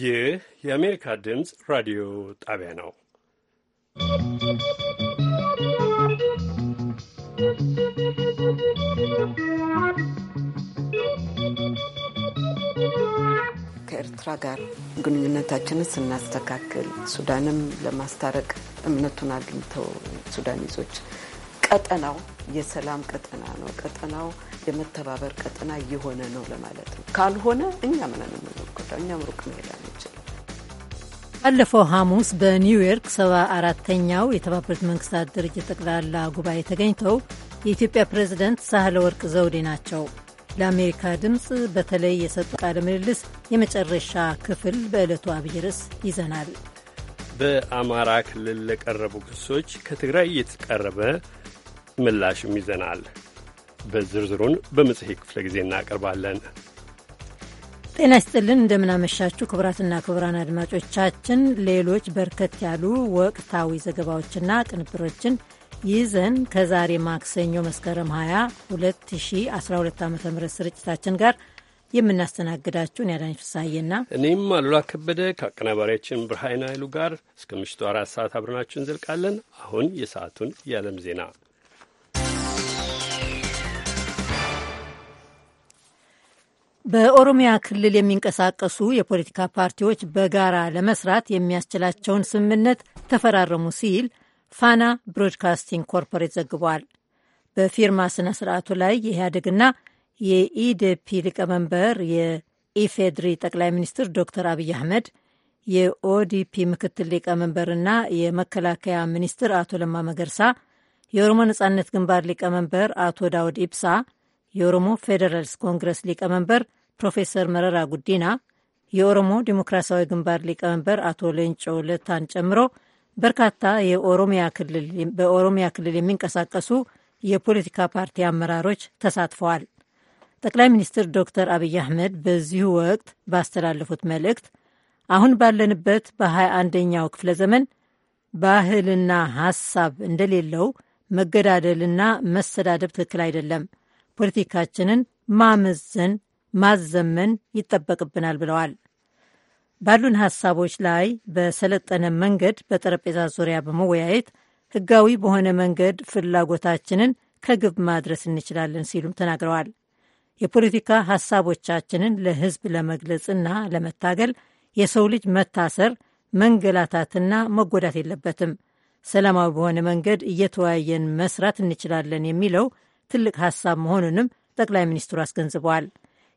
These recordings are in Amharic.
ይህ የአሜሪካ ድምፅ ራዲዮ ጣቢያ ነው። ከኤርትራ ጋር ግንኙነታችንን ስናስተካክል ሱዳንም ለማስታረቅ እምነቱን አግኝተው ሱዳኒዞች ቀጠናው የሰላም ቀጠና ነው፣ ቀጠናው የመተባበር ቀጠና እየሆነ ነው ለማለት ነው። ካልሆነ እኛ ምንን የምንጎዳ እኛም ሩቅ መሄድ አንችልም። ባለፈው ሐሙስ በኒውዮርክ ሰባ አራተኛው የተባበሩት መንግስታት ድርጅት ጠቅላላ ጉባኤ ተገኝተው የኢትዮጵያ ፕሬዝደንት ሳህለ ወርቅ ዘውዴ ናቸው። ለአሜሪካ ድምፅ በተለይ የሰጡ ቃለ ምልልስ የመጨረሻ ክፍል በዕለቱ አብይ ርዕስ ይዘናል። በአማራ ክልል ለቀረቡ ክሶች ከትግራይ የተቀረበ ምላሽም ይዘናል። በዝርዝሩን በመጽሔት ክፍለ ጊዜ እናቀርባለን። ጤና ይስጥልን፣ እንደምናመሻችሁ ክቡራትና ክቡራን አድማጮቻችን ሌሎች በርከት ያሉ ወቅታዊ ዘገባዎችና ቅንብሮችን ይዘን ከዛሬ ማክሰኞ መስከረም 20 2012 ዓ ም ስርጭታችን ጋር የምናስተናግዳችሁን ያዳኝ ፍሳዬና እኔም አሉላ ከበደ ከአቀናባሪያችን ብርሃን ኃይሉ ጋር እስከ ምሽቱ አራት ሰዓት አብረናችሁ እንዘልቃለን። አሁን የሰዓቱን የዓለም ዜና በኦሮሚያ ክልል የሚንቀሳቀሱ የፖለቲካ ፓርቲዎች በጋራ ለመስራት የሚያስችላቸውን ስምምነት ተፈራረሙ ሲል ፋና ብሮድካስቲንግ ኮርፖሬት ዘግቧል። በፊርማ ስነ ስርዓቱ ላይ የኢህአዴግና የኢዴፒ ሊቀመንበር የኢፌድሪ ጠቅላይ ሚኒስትር ዶክተር አብይ አህመድ የኦዲፒ ምክትል ሊቀመንበርና የመከላከያ ሚኒስትር አቶ ለማ መገርሳ፣ የኦሮሞ ነጻነት ግንባር ሊቀመንበር አቶ ዳውድ ኢብሳ የኦሮሞ ፌዴራልስ ኮንግረስ ሊቀመንበር ፕሮፌሰር መረራ ጉዲና የኦሮሞ ዴሞክራሲያዊ ግንባር ሊቀመንበር አቶ ሌንጮ ለታን ጨምሮ በርካታ በኦሮሚያ ክልል የሚንቀሳቀሱ የፖለቲካ ፓርቲ አመራሮች ተሳትፈዋል። ጠቅላይ ሚኒስትር ዶክተር አብይ አህመድ በዚሁ ወቅት ባስተላለፉት መልእክት አሁን ባለንበት በ አንደኛው ክፍለ ዘመን ባህልና ሐሳብ እንደሌለው መገዳደልና መሰዳደብ ትክክል አይደለም። ፖለቲካችንን ማመዘን፣ ማዘመን ይጠበቅብናል ብለዋል። ባሉን ሀሳቦች ላይ በሰለጠነ መንገድ በጠረጴዛ ዙሪያ በመወያየት ሕጋዊ በሆነ መንገድ ፍላጎታችንን ከግብ ማድረስ እንችላለን ሲሉም ተናግረዋል። የፖለቲካ ሀሳቦቻችንን ለሕዝብ ለመግለጽና ለመታገል የሰው ልጅ መታሰር፣ መንገላታትና መጎዳት የለበትም። ሰላማዊ በሆነ መንገድ እየተወያየን መስራት እንችላለን የሚለው ትልቅ ሀሳብ መሆኑንም ጠቅላይ ሚኒስትሩ አስገንዝበዋል።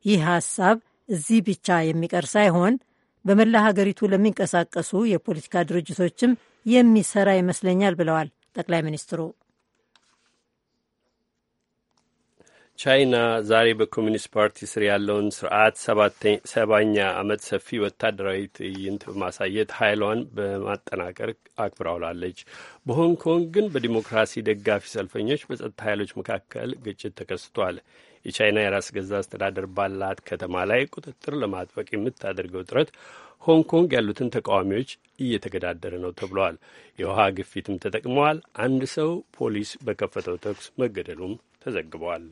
ይህ ሀሳብ እዚህ ብቻ የሚቀር ሳይሆን በመላ ሀገሪቱ ለሚንቀሳቀሱ የፖለቲካ ድርጅቶችም የሚሰራ ይመስለኛል ብለዋል ጠቅላይ ሚኒስትሩ። ቻይና ዛሬ በኮሚኒስት ፓርቲ ስር ያለውን ስርዓት ሰባኛ ዓመት ሰፊ ወታደራዊ ትዕይንት በማሳየት ኃይሏን በማጠናቀር አክብራውላለች። በሆንግ ኮንግ ግን በዲሞክራሲ ደጋፊ ሰልፈኞች በጸጥታ ኃይሎች መካከል ግጭት ተከስቷል። የቻይና የራስ ገዛ አስተዳደር ባላት ከተማ ላይ ቁጥጥር ለማጥበቅ የምታደርገው ጥረት ሆንግ ኮንግ ያሉትን ተቃዋሚዎች እየተገዳደረ ነው ተብሏል። የውሃ ግፊትም ተጠቅመዋል። አንድ ሰው ፖሊስ በከፈተው ተኩስ መገደሉም ተዘግቧል።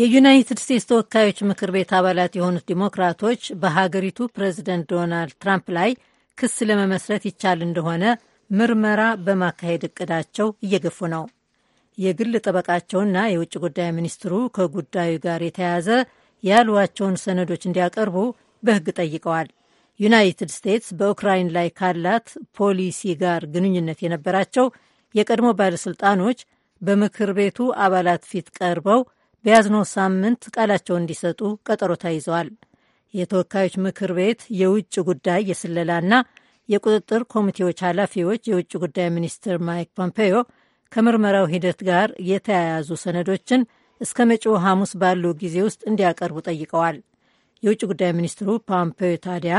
የዩናይትድ ስቴትስ ተወካዮች ምክር ቤት አባላት የሆኑት ዲሞክራቶች በሀገሪቱ ፕሬዚደንት ዶናልድ ትራምፕ ላይ ክስ ለመመስረት ይቻል እንደሆነ ምርመራ በማካሄድ እቅዳቸው እየገፉ ነው። የግል ጠበቃቸውና የውጭ ጉዳይ ሚኒስትሩ ከጉዳዩ ጋር የተያያዘ ያሏቸውን ሰነዶች እንዲያቀርቡ በሕግ ጠይቀዋል። ዩናይትድ ስቴትስ በኡክራይን ላይ ካላት ፖሊሲ ጋር ግንኙነት የነበራቸው የቀድሞ ባለሥልጣኖች በምክር ቤቱ አባላት ፊት ቀርበው በያዝነው ሳምንት ቃላቸውን እንዲሰጡ ቀጠሮ ተይዘዋል። የተወካዮች ምክር ቤት የውጭ ጉዳይ የስለላና የቁጥጥር ኮሚቴዎች ኃላፊዎች የውጭ ጉዳይ ሚኒስትር ማይክ ፖምፔዮ ከምርመራው ሂደት ጋር የተያያዙ ሰነዶችን እስከ መጪው ሐሙስ ባለው ጊዜ ውስጥ እንዲያቀርቡ ጠይቀዋል። የውጭ ጉዳይ ሚኒስትሩ ፖምፔዮ ታዲያ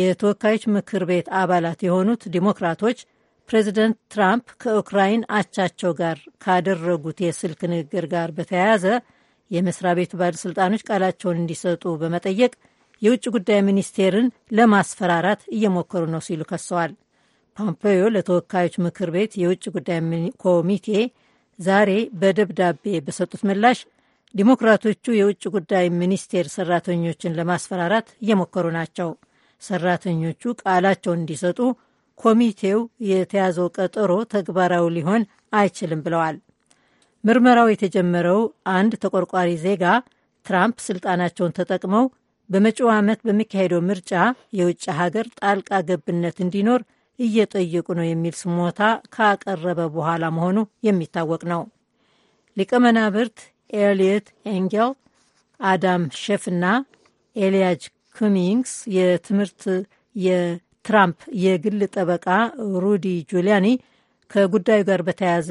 የተወካዮች ምክር ቤት አባላት የሆኑት ዲሞክራቶች ፕሬዚደንት ትራምፕ ከኡክራይን አቻቸው ጋር ካደረጉት የስልክ ንግግር ጋር በተያያዘ የመስሪያ ቤቱ ባለሥልጣኖች ቃላቸውን እንዲሰጡ በመጠየቅ የውጭ ጉዳይ ሚኒስቴርን ለማስፈራራት እየሞከሩ ነው ሲሉ ከሰዋል። ፖምፔዮ ለተወካዮች ምክር ቤት የውጭ ጉዳይ ኮሚቴ ዛሬ በደብዳቤ በሰጡት ምላሽ ዲሞክራቶቹ የውጭ ጉዳይ ሚኒስቴር ሰራተኞችን ለማስፈራራት እየሞከሩ ናቸው። ሰራተኞቹ ቃላቸውን እንዲሰጡ ኮሚቴው የተያዘው ቀጠሮ ተግባራዊ ሊሆን አይችልም ብለዋል። ምርመራው የተጀመረው አንድ ተቆርቋሪ ዜጋ ትራምፕ ስልጣናቸውን ተጠቅመው በመጪው ዓመት በሚካሄደው ምርጫ የውጭ ሀገር ጣልቃ ገብነት እንዲኖር እየጠየቁ ነው የሚል ስሞታ ካቀረበ በኋላ መሆኑ የሚታወቅ ነው። ሊቀመናብርት ኤልየት ኤንጌል፣ አዳም ሼፍና ኤልያጅ ኩሚንግስ የትምህርት የትራምፕ የግል ጠበቃ ሩዲ ጁሊያኒ ከጉዳዩ ጋር በተያያዘ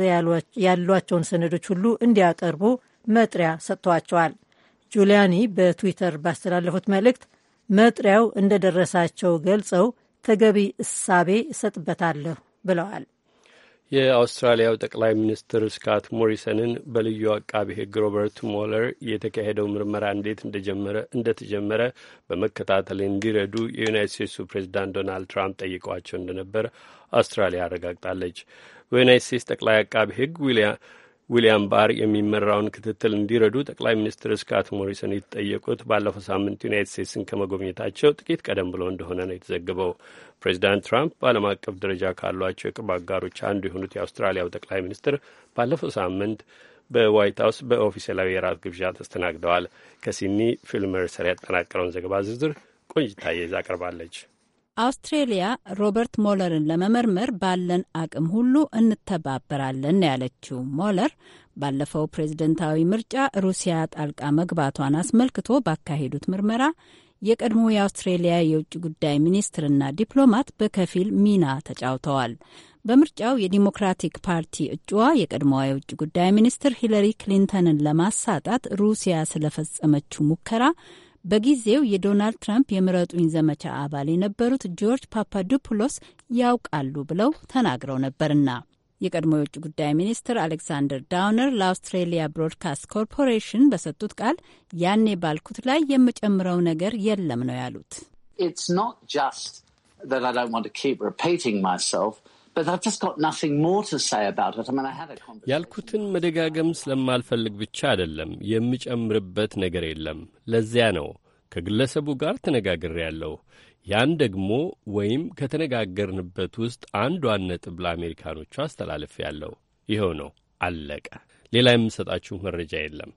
ያሏቸውን ሰነዶች ሁሉ እንዲያቀርቡ መጥሪያ ሰጥተዋቸዋል። ጁሊያኒ በትዊተር ባስተላለፉት መልእክት መጥሪያው እንደደረሳቸው ገልጸው ተገቢ እሳቤ እሰጥበታለሁ ብለዋል። የአውስትራሊያው ጠቅላይ ሚኒስትር ስካት ሞሪሰንን በልዩ አቃቢ ሕግ ሮበርት ሞለር የተካሄደው ምርመራ እንዴት እንደተጀመረ በመከታተል እንዲረዱ የዩናይት ስቴትሱ ፕሬዚዳንት ዶናልድ ትራምፕ ጠይቀዋቸው እንደነበር አውስትራሊያ አረጋግጣለች። በዩናይት ስቴትስ ጠቅላይ አቃቢ ሕግ ዊሊያም ዊልያም ባር የሚመራውን ክትትል እንዲረዱ ጠቅላይ ሚኒስትር ስካት ሞሪሰን የተጠየቁት ባለፈው ሳምንት ዩናይት ስቴትስን ከመጎብኘታቸው ጥቂት ቀደም ብሎ እንደሆነ ነው የተዘገበው። ፕሬዚዳንት ትራምፕ በዓለም አቀፍ ደረጃ ካሏቸው የቅርብ አጋሮች አንዱ የሆኑት የአውስትራሊያው ጠቅላይ ሚኒስትር ባለፈው ሳምንት በዋይት ሀውስ በኦፊሴላዊ የራት ግብዣ ተስተናግደዋል። ከሲኒ ፊልመር ሰር ያጠናቀረውን ዘገባ ዝርዝር ቆንጅታ ይዛ ቀርባለች። አውስትሬሊያ ሮበርት ሞለርን ለመመርመር ባለን አቅም ሁሉ እንተባበራለን ያለችው ሞለር ባለፈው ፕሬዝደንታዊ ምርጫ ሩሲያ ጣልቃ መግባቷን አስመልክቶ ባካሄዱት ምርመራ የቀድሞ የአውስትሬሊያ የውጭ ጉዳይ ሚኒስትርና ዲፕሎማት በከፊል ሚና ተጫውተዋል። በምርጫው የዲሞክራቲክ ፓርቲ እጩዋ የቀድሞዋ የውጭ ጉዳይ ሚኒስትር ሂለሪ ክሊንተንን ለማሳጣት ሩሲያ ስለፈጸመችው ሙከራ በጊዜው የዶናልድ ትራምፕ የምረጡኝ ዘመቻ አባል የነበሩት ጆርጅ ፓፓዶፕሎስ ያውቃሉ ብለው ተናግረው ነበርና። የቀድሞ የውጭ ጉዳይ ሚኒስትር አሌክሳንደር ዳውነር ለአውስትሬሊያ ብሮድካስት ኮርፖሬሽን በሰጡት ቃል ያኔ ባልኩት ላይ የምጨምረው ነገር የለም ነው ያሉት። ያልኩትን መደጋገም ስለማልፈልግ ብቻ አይደለም። የምጨምርበት ነገር የለም። ለዚያ ነው ከግለሰቡ ጋር ተነጋግሬያለሁ። ያን ደግሞ ወይም ከተነጋገርንበት ውስጥ አንዷን ነጥብ ለአሜሪካኖቹ አስተላልፌያለሁ። ይኸው ነው፣ አለቀ። ሌላ የምሰጣችሁ መረጃ የለም።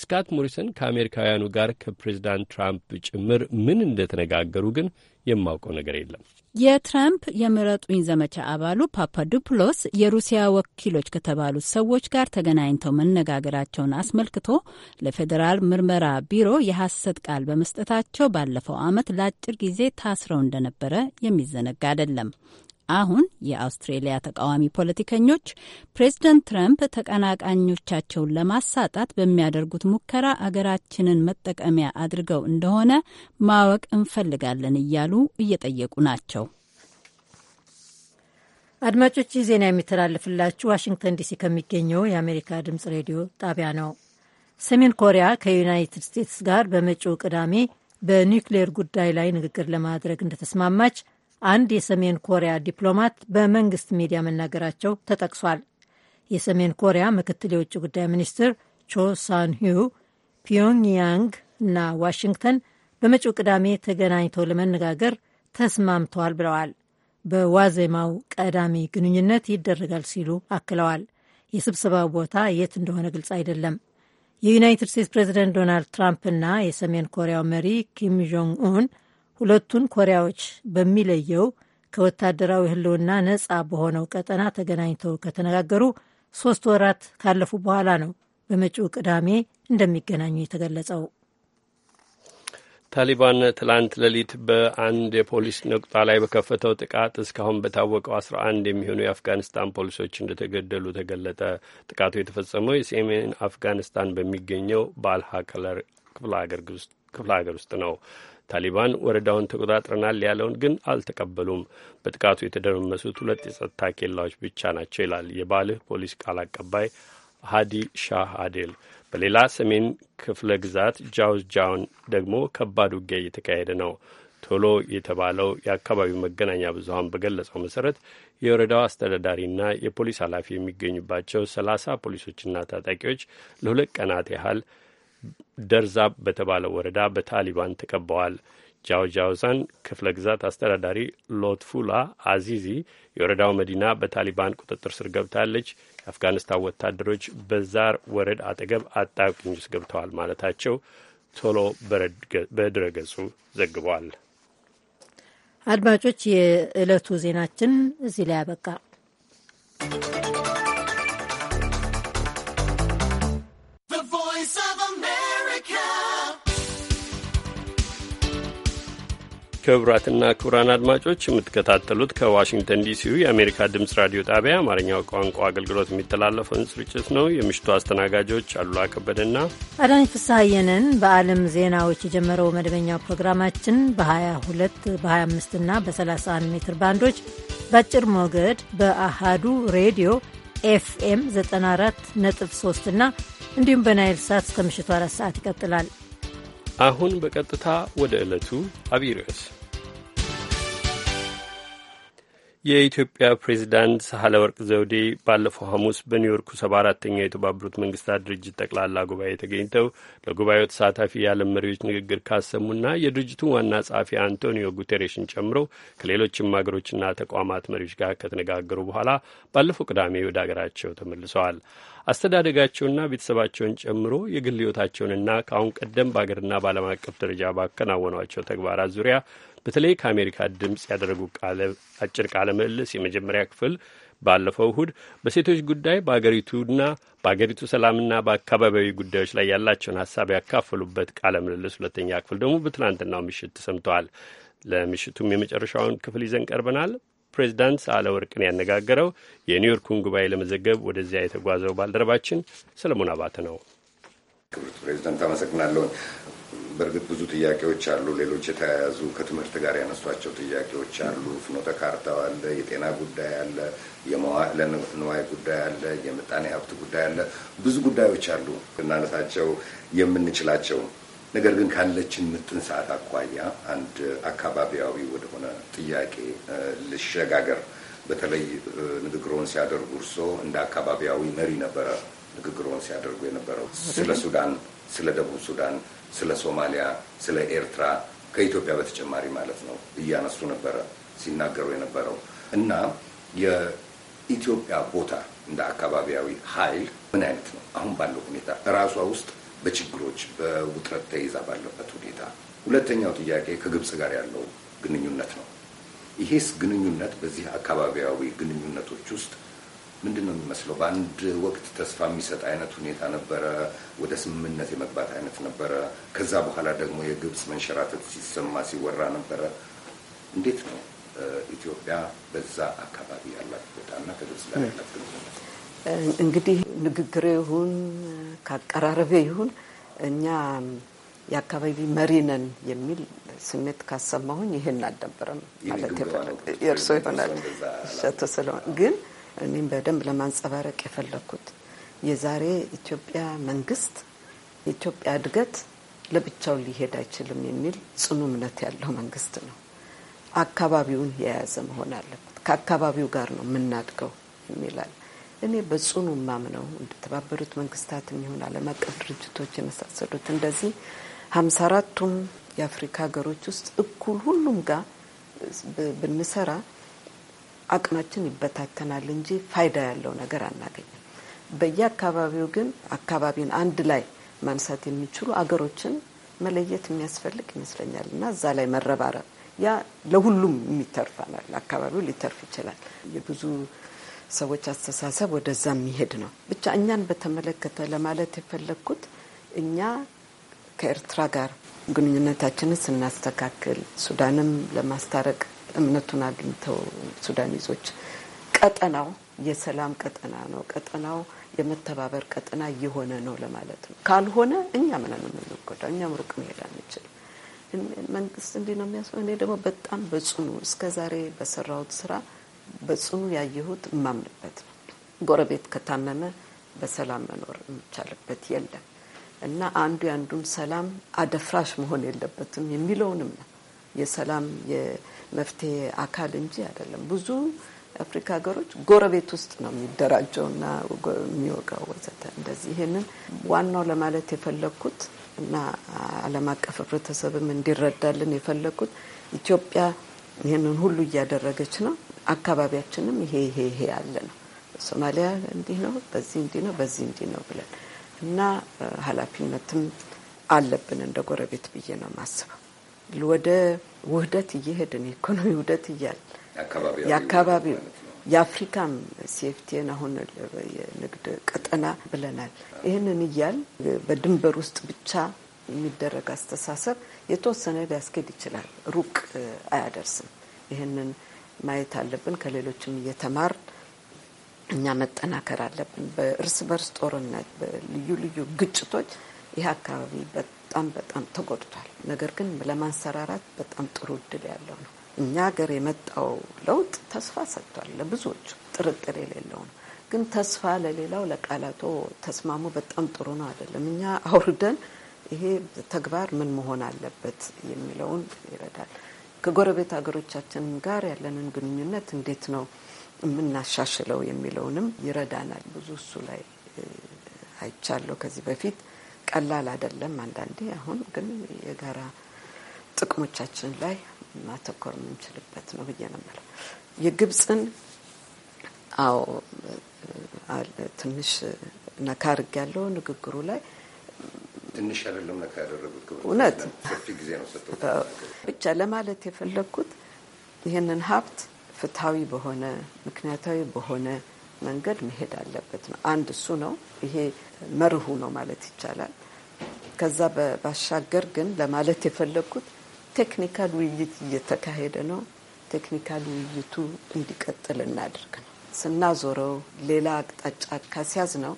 ስካት ሞሪሰን ከአሜሪካውያኑ ጋር ከፕሬዚዳንት ትራምፕ ጭምር ምን እንደተነጋገሩ ግን የማውቀው ነገር የለም። የትራምፕ የምረጡኝ ዘመቻ አባሉ ፓፓዶፕሎስ የሩሲያ ወኪሎች ከተባሉት ሰዎች ጋር ተገናኝተው መነጋገራቸውን አስመልክቶ ለፌዴራል ምርመራ ቢሮ የሐሰት ቃል በመስጠታቸው ባለፈው ዓመት ለአጭር ጊዜ ታስረው እንደነበረ የሚዘነጋ አይደለም። አሁን የአውስትሬሊያ ተቃዋሚ ፖለቲከኞች ፕሬዝደንት ትራምፕ ተቀናቃኞቻቸውን ለማሳጣት በሚያደርጉት ሙከራ አገራችንን መጠቀሚያ አድርገው እንደሆነ ማወቅ እንፈልጋለን እያሉ እየጠየቁ ናቸው። አድማጮች ይህ ዜና የሚተላለፍላችሁ ዋሽንግተን ዲሲ ከሚገኘው የአሜሪካ ድምጽ ሬዲዮ ጣቢያ ነው። ሰሜን ኮሪያ ከዩናይትድ ስቴትስ ጋር በመጪው ቅዳሜ በኒውክሌር ጉዳይ ላይ ንግግር ለማድረግ እንደተስማማች አንድ የሰሜን ኮሪያ ዲፕሎማት በመንግስት ሚዲያ መናገራቸው ተጠቅሷል። የሰሜን ኮሪያ ምክትል የውጭ ጉዳይ ሚኒስትር ቾ ሳንሂዩ ፒዮንግያንግ እና ዋሽንግተን በመጪው ቅዳሜ ተገናኝተው ለመነጋገር ተስማምተዋል ብለዋል። በዋዜማው ቀዳሚ ግንኙነት ይደረጋል ሲሉ አክለዋል። የስብሰባው ቦታ የት እንደሆነ ግልጽ አይደለም። የዩናይትድ ስቴትስ ፕሬዚደንት ዶናልድ ትራምፕ እና የሰሜን ኮሪያው መሪ ኪም ጆንግ ኡን ሁለቱን ኮሪያዎች በሚለየው ከወታደራዊ ህልውና ነጻ በሆነው ቀጠና ተገናኝተው ከተነጋገሩ ሶስት ወራት ካለፉ በኋላ ነው በመጪው ቅዳሜ እንደሚገናኙ የተገለጸው። ታሊባን ትላንት ሌሊት በአንድ የፖሊስ ነቁጣ ላይ በከፈተው ጥቃት እስካሁን በታወቀው አስራ አንድ የሚሆኑ የአፍጋኒስታን ፖሊሶች እንደተገደሉ ተገለጠ። ጥቃቱ የተፈጸመው የሰሜን አፍጋኒስታን በሚገኘው ባልሃ ከለር ክፍለ ሀገር ውስጥ ነው። ታሊባን ወረዳውን ተቆጣጥረናል ያለውን ግን አልተቀበሉም። በጥቃቱ የተደመመሱት ሁለት የጸጥታ ኬላዎች ብቻ ናቸው ይላል የባልህ ፖሊስ ቃል አቀባይ ሀዲ ሻህ አዴል። በሌላ ሰሜን ክፍለ ግዛት ጃውዝ ጃውን ደግሞ ከባድ ውጊያ እየተካሄደ ነው። ቶሎ የተባለው የአካባቢው መገናኛ ብዙኃን በገለጸው መሰረት የወረዳው አስተዳዳሪና የፖሊስ ኃላፊ የሚገኙባቸው ሰላሳ ፖሊሶችና ታጣቂዎች ለሁለት ቀናት ያህል ደርዛብ በተባለ ወረዳ በታሊባን ተከበዋል። ጃውጃውዛን ክፍለ ግዛት አስተዳዳሪ ሎትፉላ አዚዚ የወረዳው መዲና በታሊባን ቁጥጥር ስር ገብታለች፣ የአፍጋኒስታን ወታደሮች በዛር ወረድ አጠገብ አጣብቂኝ ውስጥ ገብተዋል ማለታቸው ቶሎ በድረ ገጹ ዘግቧል። አድማጮች፣ የዕለቱ ዜናችን እዚህ ላይ you. ክቡራትና ክቡራን አድማጮች የምትከታተሉት ከዋሽንግተን ዲሲው የአሜሪካ ድምፅ ራዲዮ ጣቢያ አማርኛው ቋንቋ አገልግሎት የሚተላለፈውን ስርጭት ነው። የምሽቱ አስተናጋጆች አሉላ ከበደና አዳኝ ፍስሐየንን። በዓለም ዜናዎች የጀመረው መደበኛ ፕሮግራማችን በ22 በ25ና በ31 ሜትር ባንዶች በአጭር ሞገድ በአሃዱ ሬዲዮ ኤፍኤም 94.3 እና እንዲሁም በናይል ሳት እስከ ምሽቱ አራት ሰዓት ይቀጥላል። አሁን በቀጥታ ወደ ዕለቱ አብይ ርዕስ የኢትዮጵያ ፕሬዚዳንት ሳህለ ወርቅ ዘውዴ ባለፈው ሐሙስ በኒውዮርኩ ሰባ አራተኛው የተባበሩት መንግስታት ድርጅት ጠቅላላ ጉባኤ ተገኝተው ለጉባኤው ተሳታፊ የዓለም መሪዎች ንግግር ካሰሙና የድርጅቱ ዋና ጸሐፊ አንቶኒዮ ጉቴሬሽን ጨምሮ ከሌሎችም ሀገሮችና ተቋማት መሪዎች ጋር ከተነጋገሩ በኋላ ባለፈው ቅዳሜ ወደ አገራቸው ተመልሰዋል። አስተዳደጋቸውና ቤተሰባቸውን ጨምሮ የግል ሕይወታቸውንና ከአሁን ቀደም በአገርና በዓለም አቀፍ ደረጃ ባከናወኗቸው ተግባራት ዙሪያ በተለይ ከአሜሪካ ድምፅ ያደረጉ አጭር ቃለ ምልልስ የመጀመሪያ ክፍል ባለፈው እሁድ በሴቶች ጉዳይ በአገሪቱና በአገሪቱ ሰላምና በአካባቢያዊ ጉዳዮች ላይ ያላቸውን ሀሳብ ያካፈሉበት ቃለ ምልልስ ሁለተኛ ክፍል ደግሞ በትናንትናው ምሽት ተሰምተዋል። ለምሽቱም የመጨረሻውን ክፍል ይዘን ቀርበናል። ፕሬዚዳንት ወርቅን ያነጋገረው የኒውዮርኩን ጉባኤ ለመዘገብ ወደዚያ የተጓዘው ባልደረባችን ሰለሞን አባተ ነው። ክብርት ፕሬዚዳንት አመሰግናለሁ። በእርግጥ ብዙ ጥያቄዎች አሉ። ሌሎች የተያያዙ ከትምህርት ጋር ያነሷቸው ጥያቄዎች አሉ። ፍኖተ ካርታው አለ፣ የጤና ጉዳይ አለ፣ የመዋዕለ ንዋይ ጉዳይ አለ፣ የምጣኔ ሀብት ጉዳይ አለ። ብዙ ጉዳዮች አሉ እናነሳቸው የምንችላቸው። ነገር ግን ካለችን ምጥን ሰዓት አኳያ አንድ አካባቢያዊ ወደሆነ ጥያቄ ልሸጋገር። በተለይ ንግግሮን ሲያደርጉ እርሶ እንደ አካባቢያዊ መሪ ነበረ ንግግሮን ሲያደርጉ የነበረው ስለ ሱዳን፣ ስለ ደቡብ ሱዳን ስለ ሶማሊያ፣ ስለ ኤርትራ ከኢትዮጵያ በተጨማሪ ማለት ነው እያነሱ ነበረ ሲናገሩ የነበረው እና የኢትዮጵያ ቦታ እንደ አካባቢያዊ ኃይል ምን አይነት ነው? አሁን ባለው ሁኔታ እራሷ ውስጥ በችግሮች በውጥረት ተይዛ ባለበት ሁኔታ። ሁለተኛው ጥያቄ ከግብፅ ጋር ያለው ግንኙነት ነው። ይሄስ ግንኙነት በዚህ አካባቢያዊ ግንኙነቶች ውስጥ ምንድን ነው የሚመስለው? በአንድ ወቅት ተስፋ የሚሰጥ አይነት ሁኔታ ነበረ። ወደ ስምምነት የመግባት አይነት ነበረ። ከዛ በኋላ ደግሞ የግብፅ መንሸራተት ሲሰማ ሲወራ ነበረ። እንዴት ነው ኢትዮጵያ በዛ አካባቢ ያላት ቦታና ከግብፅ ጋር ያላት ግንኙነት? እንግዲህ ንግግሬ ይሁን ከአቀራረብ ይሁን እኛ የአካባቢ መሪ ነን የሚል ስሜት ካሰማሁኝ ይሄን አልነበረም ማለት የእርሶ ይሆናል ሸቶ ስለሆነ ግን እኔም በደንብ ለማንጸባረቅ የፈለግኩት የዛሬ ኢትዮጵያ መንግስት የኢትዮጵያ እድገት ለብቻው ሊሄድ አይችልም የሚል ጽኑ እምነት ያለው መንግስት ነው። አካባቢውን የያዘ መሆን አለበት። ከአካባቢው ጋር ነው የምናድገው የሚላል እኔ በጽኑ ማምነው እንደተባበሩት መንግስታት የሚሆን ዓለም አቀፍ ድርጅቶች የመሳሰሉት እንደዚህ ሀምሳ አራቱም የአፍሪካ ሀገሮች ውስጥ እኩል ሁሉም ጋር ብንሰራ አቅማችን ይበታተናል እንጂ ፋይዳ ያለው ነገር አናገኝም። በየአካባቢው ግን አካባቢን አንድ ላይ ማንሳት የሚችሉ አገሮችን መለየት የሚያስፈልግ ይመስለኛል እና እዛ ላይ መረባረብ ያ ለሁሉም የሚተርፋናል። አካባቢው ሊተርፍ ይችላል። የብዙ ሰዎች አስተሳሰብ ወደዛ የሚሄድ ነው። ብቻ እኛን በተመለከተ ለማለት የፈለግኩት እኛ ከኤርትራ ጋር ግንኙነታችንን ስናስተካክል ሱዳንም ለማስታረቅ እምነቱን አግኝተው ሱዳኒዞች ቀጠናው የሰላም ቀጠና ነው፣ ቀጠናው የመተባበር ቀጠና እየሆነ ነው ለማለት ነው። ካልሆነ እኛ ምንን የምንጎዳ እኛም ሩቅ መሄድ አንችል። መንግስት እንዲህ ነው የሚያስ እኔ ደግሞ በጣም በጽኑ እስከ ዛሬ በሰራሁት ስራ በጽኑ ያየሁት እማምንበት ነው። ጎረቤት ከታመመ በሰላም መኖር የሚቻልበት የለም እና አንዱ የአንዱን ሰላም አደፍራሽ መሆን የለበትም የሚለውንም ነው የሰላም መፍትሄ አካል እንጂ አይደለም። ብዙ አፍሪካ ሀገሮች ጎረቤት ውስጥ ነው የሚደራጀውና የሚወጋው ወዘተ። እንደዚህ ይህንን ዋናው ለማለት የፈለግኩት እና ዓለም አቀፍ ህብረተሰብም እንዲረዳልን የፈለግኩት ኢትዮጵያ ይህንን ሁሉ እያደረገች ነው። አካባቢያችንም ይሄ ይሄ ይሄ ያለ ነው። ሶማሊያ እንዲህ ነው፣ በዚህ እንዲህ ነው፣ በዚህ እንዲህ ነው ብለን እና ኃላፊነትም አለብን እንደ ጎረቤት ብዬ ነው ማስበው። ወደ ውህደት እየሄድን የኢኮኖሚ ውህደት እያል የአካባቢው የአፍሪካም ሴፍቲን አሁን የንግድ ቀጠና ብለናል። ይህንን እያል በድንበር ውስጥ ብቻ የሚደረግ አስተሳሰብ የተወሰነ ሊያስኬድ ይችላል፣ ሩቅ አያደርስም። ይህንን ማየት አለብን። ከሌሎችም እየተማር እኛ መጠናከር አለብን። በእርስ በርስ ጦርነት፣ በልዩ ልዩ ግጭቶች ይህ አካባቢ በጣም በጣም ተጎድቷል። ነገር ግን ለማንሰራራት በጣም ጥሩ እድል ያለው ነው። እኛ ሀገር የመጣው ለውጥ ተስፋ ሰጥቷል። ለብዙዎቹ ጥርጥር የሌለው ነው። ግን ተስፋ ለሌላው ለቃላቶ ተስማሙ በጣም ጥሩ ነው አይደለም። እኛ አውርደን ይሄ ተግባር ምን መሆን አለበት የሚለውን ይረዳል። ከጎረቤት ሀገሮቻችን ጋር ያለንን ግንኙነት እንዴት ነው የምናሻሽለው የሚለውንም ይረዳናል። ብዙ እሱ ላይ አይቻለሁ ከዚህ በፊት ቀላል አይደለም። አንዳንዴ አሁን ግን የጋራ ጥቅሞቻችን ላይ ማተኮር የምንችልበት ነው ብዬ ነው የምለው። የግብፅን አዎ ትንሽ ነካ አድርግ ያለው ንግግሩ ላይ ትንሽ አይደለም ነካ ያደረጉት እውነት ጊዜ ነው ብቻ ለማለት የፈለግኩት ይህንን ሀብት ፍትሐዊ በሆነ ምክንያታዊ በሆነ መንገድ መሄድ አለበት ነው። አንድ እሱ ነው። ይሄ መርሁ ነው ማለት ይቻላል። ከዛ ባሻገር ግን ለማለት የፈለግኩት ቴክኒካል ውይይት እየተካሄደ ነው። ቴክኒካል ውይይቱ እንዲቀጥል እናድርግ ነው። ስናዞረው ሌላ አቅጣጫ ካሲያዝ ነው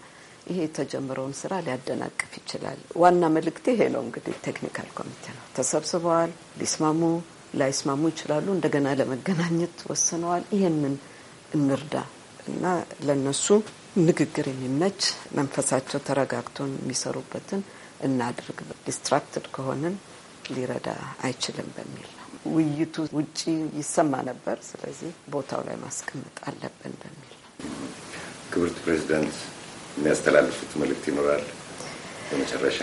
ይሄ የተጀመረውን ስራ ሊያደናቅፍ ይችላል። ዋና መልእክቴ ይሄ ነው። እንግዲህ ቴክኒካል ኮሚቴ ነው ተሰብስበዋል። ሊስማሙ ላይስማሙ ይችላሉ። እንደገና ለመገናኘት ወስነዋል። ይህንን እንርዳ። እና ለነሱ ንግግር የሚመች መንፈሳቸው ተረጋግቶ የሚሰሩበትን እናድርግ፣ ዲስትራክትድ ከሆንን ሊረዳ አይችልም በሚል ነው። ውይይቱ ውጪ ይሰማ ነበር። ስለዚህ ቦታው ላይ ማስቀመጥ አለብን በሚል ነው። ክብርት ፕሬዚደንት የሚያስተላልፉት መልእክት ይኖራል? በመጨረሻ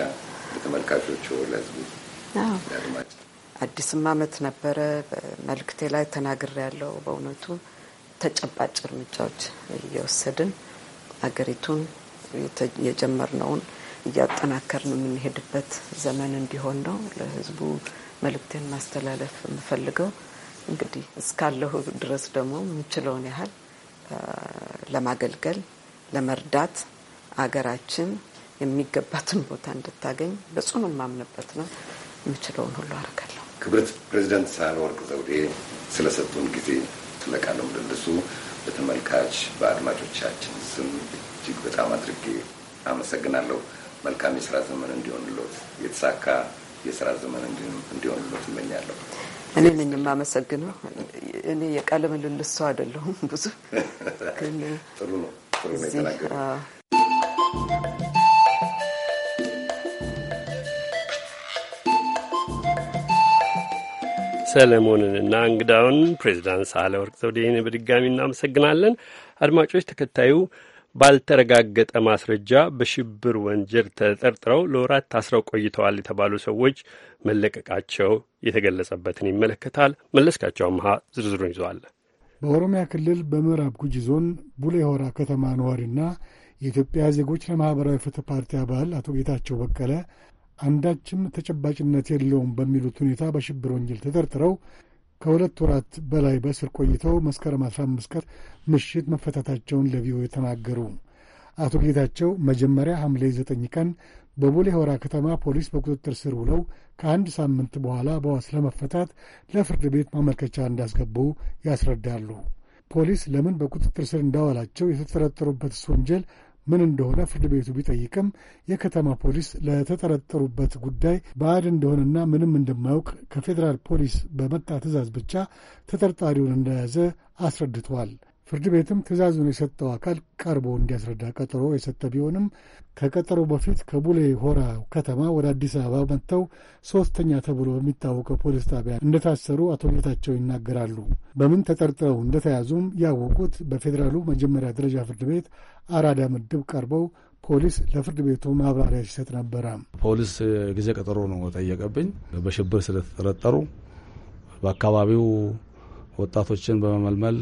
ለተመልካቾቹ ለህዝቡ አዲስም አመት ነበረ። በመልእክቴ ላይ ተናግሬ ያለው በእውነቱ ተጨባጭ እርምጃዎች እየወሰድን አገሪቱን የጀመርነውን እያጠናከርን የምንሄድበት ዘመን እንዲሆን ነው ለህዝቡ መልእክቴን ማስተላለፍ የምፈልገው። እንግዲህ እስካለሁ ድረስ ደግሞ የምችለውን ያህል ለማገልገል፣ ለመርዳት አገራችን የሚገባትን ቦታ እንድታገኝ በጽኑ የማምንበት ነው። የምችለውን ሁሉ አደርጋለሁ። ክብርት ፕሬዚዳንት ሳህለወርቅ ዘውዴ ስለሰጡን ጊዜ ለቃለም ምልልሱ በተመልካች በአድማጮቻችን ስም እጅግ በጣም አድርጌ አመሰግናለሁ። መልካም የስራ ዘመን እንዲሆንሎት፣ የተሳካ የስራ ዘመን እንዲሆንሎት እመኛለሁ። እኔ ነኝ የማመሰግነው። እኔ የቃለ ምልልሱ አይደለሁም ብዙ ጥሩ ነው ጥሩ ነው የተናገሩ ሰለሞንንና እንግዳውን ፕሬዚዳንት ወርቅ ዘውዴን በድጋሚ እናመሰግናለን። አድማጮች፣ ተከታዩ ባልተረጋገጠ ማስረጃ በሽብር ወንጀል ተጠርጥረው ለወራት ታስረው ቆይተዋል የተባሉ ሰዎች መለቀቃቸው የተገለጸበትን ይመለከታል። መለስካቸው አምሃ ዝርዝሩን ይዘዋል። በኦሮሚያ ክልል በምዕራብ ጉጂ ዞን ቡሌ ሆራ ከተማ ነዋሪና የኢትዮጵያ ዜጎች ለማኅበራዊ ፍትህ ፓርቲ አባል አቶ ጌታቸው በቀለ አንዳችም ተጨባጭነት የለውም በሚሉት ሁኔታ በሽብር ወንጀል ተጠርጥረው ከሁለት ወራት በላይ በእስር ቆይተው መስከረም 15 ቀን ምሽት መፈታታቸውን ለቪኦኤ ተናገሩ። አቶ ጌታቸው መጀመሪያ ሐምሌ 9 ቀን በቦሌ ሆራ ከተማ ፖሊስ በቁጥጥር ስር ውለው ከአንድ ሳምንት በኋላ በዋስ ለመፈታት ለፍርድ ቤት ማመልከቻ እንዳስገቡ ያስረዳሉ። ፖሊስ ለምን በቁጥጥር ስር እንዳዋላቸው የተጠረጠሩበት ወንጀል ምን እንደሆነ ፍርድ ቤቱ ቢጠይቅም የከተማ ፖሊስ ለተጠረጠሩበት ጉዳይ በአድ እንደሆነና ምንም እንደማያውቅ ከፌዴራል ፖሊስ በመጣ ትዕዛዝ ብቻ ተጠርጣሪውን እንደያዘ አስረድተዋል። ፍርድ ቤትም ትእዛዙን የሰጠው አካል ቀርቦ እንዲያስረዳ ቀጠሮ የሰጠ ቢሆንም ከቀጠሮ በፊት ከቡሌ ሆራ ከተማ ወደ አዲስ አበባ መጥተው ሶስተኛ ተብሎ በሚታወቀው ፖሊስ ጣቢያ እንደታሰሩ አቶ ጌታቸው ይናገራሉ። በምን ተጠርጥረው እንደተያዙም ያወቁት በፌዴራሉ መጀመሪያ ደረጃ ፍርድ ቤት አራዳ ምድብ ቀርበው ፖሊስ ለፍርድ ቤቱ ማብራሪያ ሲሰጥ ነበረ። ፖሊስ ጊዜ ቀጠሮ ነው ጠየቀብኝ። በሽብር ስለተጠረጠሩ በአካባቢው ወጣቶችን በመመልመል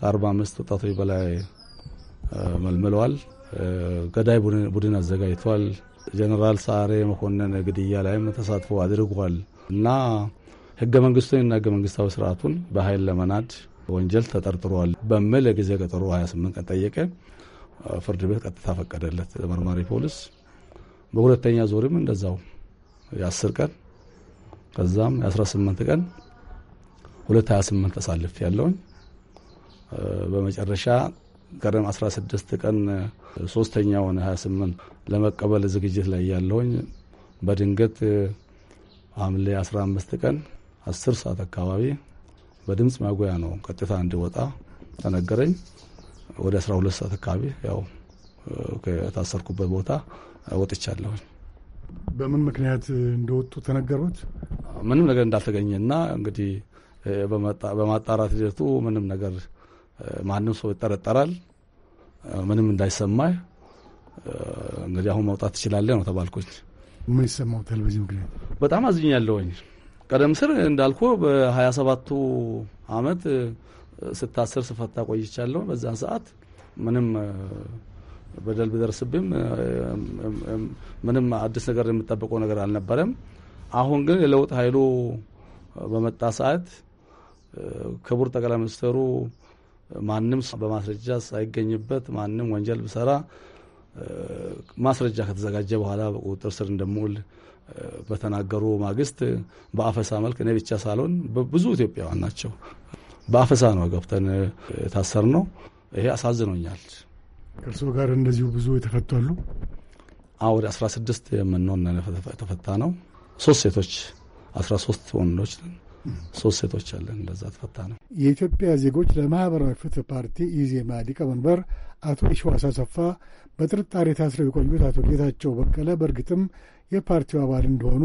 ከአርባ አምስት ወጣቶች በላይ መልምለዋል። ገዳይ ቡድን አዘጋጅቷል። ጀኔራል ሳሬ መኮንን ግድያ ላይም ተሳትፎ አድርጓል እና ህገ መንግስቱን እና ህገ መንግስታዊ ስርዓቱን በኃይል ለመናድ ወንጀል ተጠርጥሯል በሚል የጊዜ ቀጠሮ 28 ቀን ጠየቀ። ፍርድ ቤት ቀጥታ ፈቀደለት መርማሪ ፖሊስ። በሁለተኛ ዙሪም እንደዛው የ10 ቀን ከዛም የ18 ቀን 228 ተሳልፍ ያለውኝ በመጨረሻ ቀደም 16 ቀን ሶስተኛውን 28 ለመቀበል ዝግጅት ላይ ያለውኝ በድንገት ሐምሌ 15 ቀን 10 ሰዓት አካባቢ በድምፅ ማጉያ ነው ቀጥታ እንዲወጣ ተነገረኝ። ወደ 12 ሰዓት አካባቢ ያው ከታሰርኩበት ቦታ ወጥቻለሁኝ። በምን ምክንያት እንደወጡ ተነገሩት? ምንም ነገር እንዳልተገኘና እንግዲህ በማጣራት ሂደቱ ምንም ነገር ማንም ሰው ይጠረጠራል። ምንም እንዳይሰማህ እንግዲህ አሁን መውጣት ትችላለህ ነው ተባልኩኝ። ምን ይሰማውታል? በዚህ ምክንያት በጣም አዝኛለሁኝ። ቀደም ስር እንዳልኩ በሀያ ሰባቱ አመት ስታስር ስፈታ ቆይቻለሁ። በዛን ሰዓት ምንም በደል ብደርስብም ምንም አዲስ ነገር የምጠብቀው ነገር አልነበረም። አሁን ግን የለውጥ ኃይሉ በመጣ ሰዓት ክቡር ጠቅላይ ሚኒስትሩ ማንም በማስረጃ ሳይገኝበት ማንም ወንጀል ብሰራ ማስረጃ ከተዘጋጀ በኋላ በቁጥጥር ስር እንደምውል በተናገሩ ማግስት በአፈሳ መልክ እኔ ብቻ ሳልሆን ብዙ ኢትዮጵያውያን ናቸው። በአፈሳ ነው ገብተን የታሰር ነው። ይሄ አሳዝኖኛል። ከእርስዎ ጋር እንደዚሁ ብዙ የተፈቷሉ? አዎ ወደ 16 የምንሆን የተፈታ ነው። ሶስት ሴቶች 13 ወንዶች ሶስት ሴቶች አለን። እንደዛ ተፈታ ነው። የኢትዮጵያ ዜጎች ለማህበራዊ ፍትህ ፓርቲ ኢዜማ ሊቀመንበር አቶ የሺዋስ አሰፋ በጥርጣሬ ታስረው የቆዩት አቶ ጌታቸው በቀለ በእርግጥም የፓርቲው አባል እንደሆኑ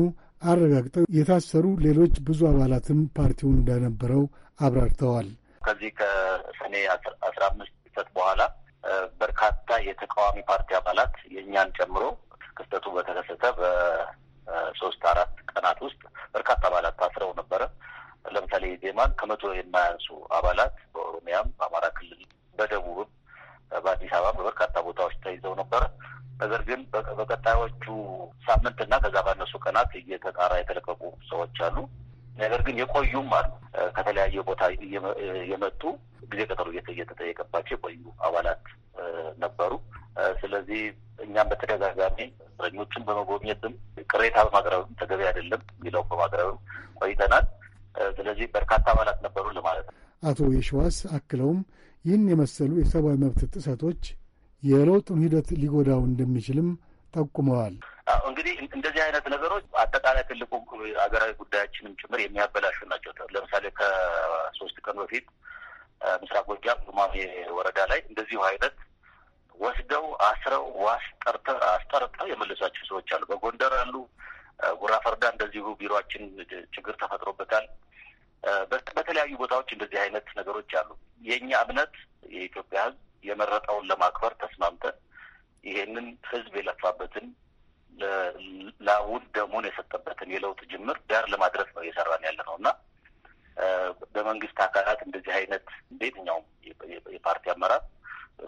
አረጋግጠው የታሰሩ ሌሎች ብዙ አባላትም ፓርቲው እንደነበረው አብራርተዋል። ከዚህ ከሰኔ አስራ አምስት ክስተት በኋላ በርካታ የተቃዋሚ ፓርቲ አባላት የእኛን ጨምሮ ክስተቱ በተከሰተ በሶስት አራት ቀናት ከመቶ የማያንሱ አባላት በኦሮሚያም፣ በአማራ ክልል፣ በደቡብም፣ በአዲስ አበባ በበርካታ ቦታዎች ተይዘው ነበረ። ነገር ግን በቀጣዮቹ ሳምንትና ከዛ ባነሱ ቀናት እየተጣራ የተለቀቁ ሰዎች አሉ። ነገር ግን የቆዩም አሉ። ከተለያየ ቦታ የመጡ ጊዜ ቀጠሮ እየተጠየቀባቸው የቆዩ አባላት ነበሩ። ስለዚህ እኛም በተደጋጋሚ እስረኞችን በመጎብኘትም ቅሬታ በማቅረብም ተገቢ አይደለም የሚለውን በማቅረብም ቆይተናል። ስለዚህ በርካታ አባላት ነበሩ ለማለት ነው። አቶ የሸዋስ አክለውም ይህን የመሰሉ የሰብአዊ መብት ጥሰቶች የለውጡን ሂደት ሊጎዳው እንደሚችልም ጠቁመዋል። እንግዲህ እንደዚህ አይነት ነገሮች አጠቃላይ ትልቁ ሀገራዊ ጉዳያችንም ጭምር የሚያበላሹ ናቸው። ለምሳሌ ከሶስት ቀን በፊት ምስራቅ ጎጃም ጉማሜ ወረዳ ላይ እንደዚሁ አይነት ወስደው አስረው ዋስ አስጠርተው የመለሷቸው ሰዎች አሉ። በጎንደር አሉ፣ ጉራ ፈርዳ እንደዚሁ ቢሮችን ችግር ተፈጥሮበታል። በተለያዩ ቦታዎች እንደዚህ አይነት ነገሮች አሉ። የእኛ እምነት የኢትዮጵያ ሕዝብ የመረጠውን ለማክበር ተስማምተን ይሄንን ሕዝብ የለፋበትን ላቡን ደሙን የሰጠበትን የለውጥ ጅምር ዳር ለማድረስ ነው እየሰራን ያለ ነው እና በመንግስት አካላት እንደዚህ አይነት በየትኛውም የፓርቲ አመራር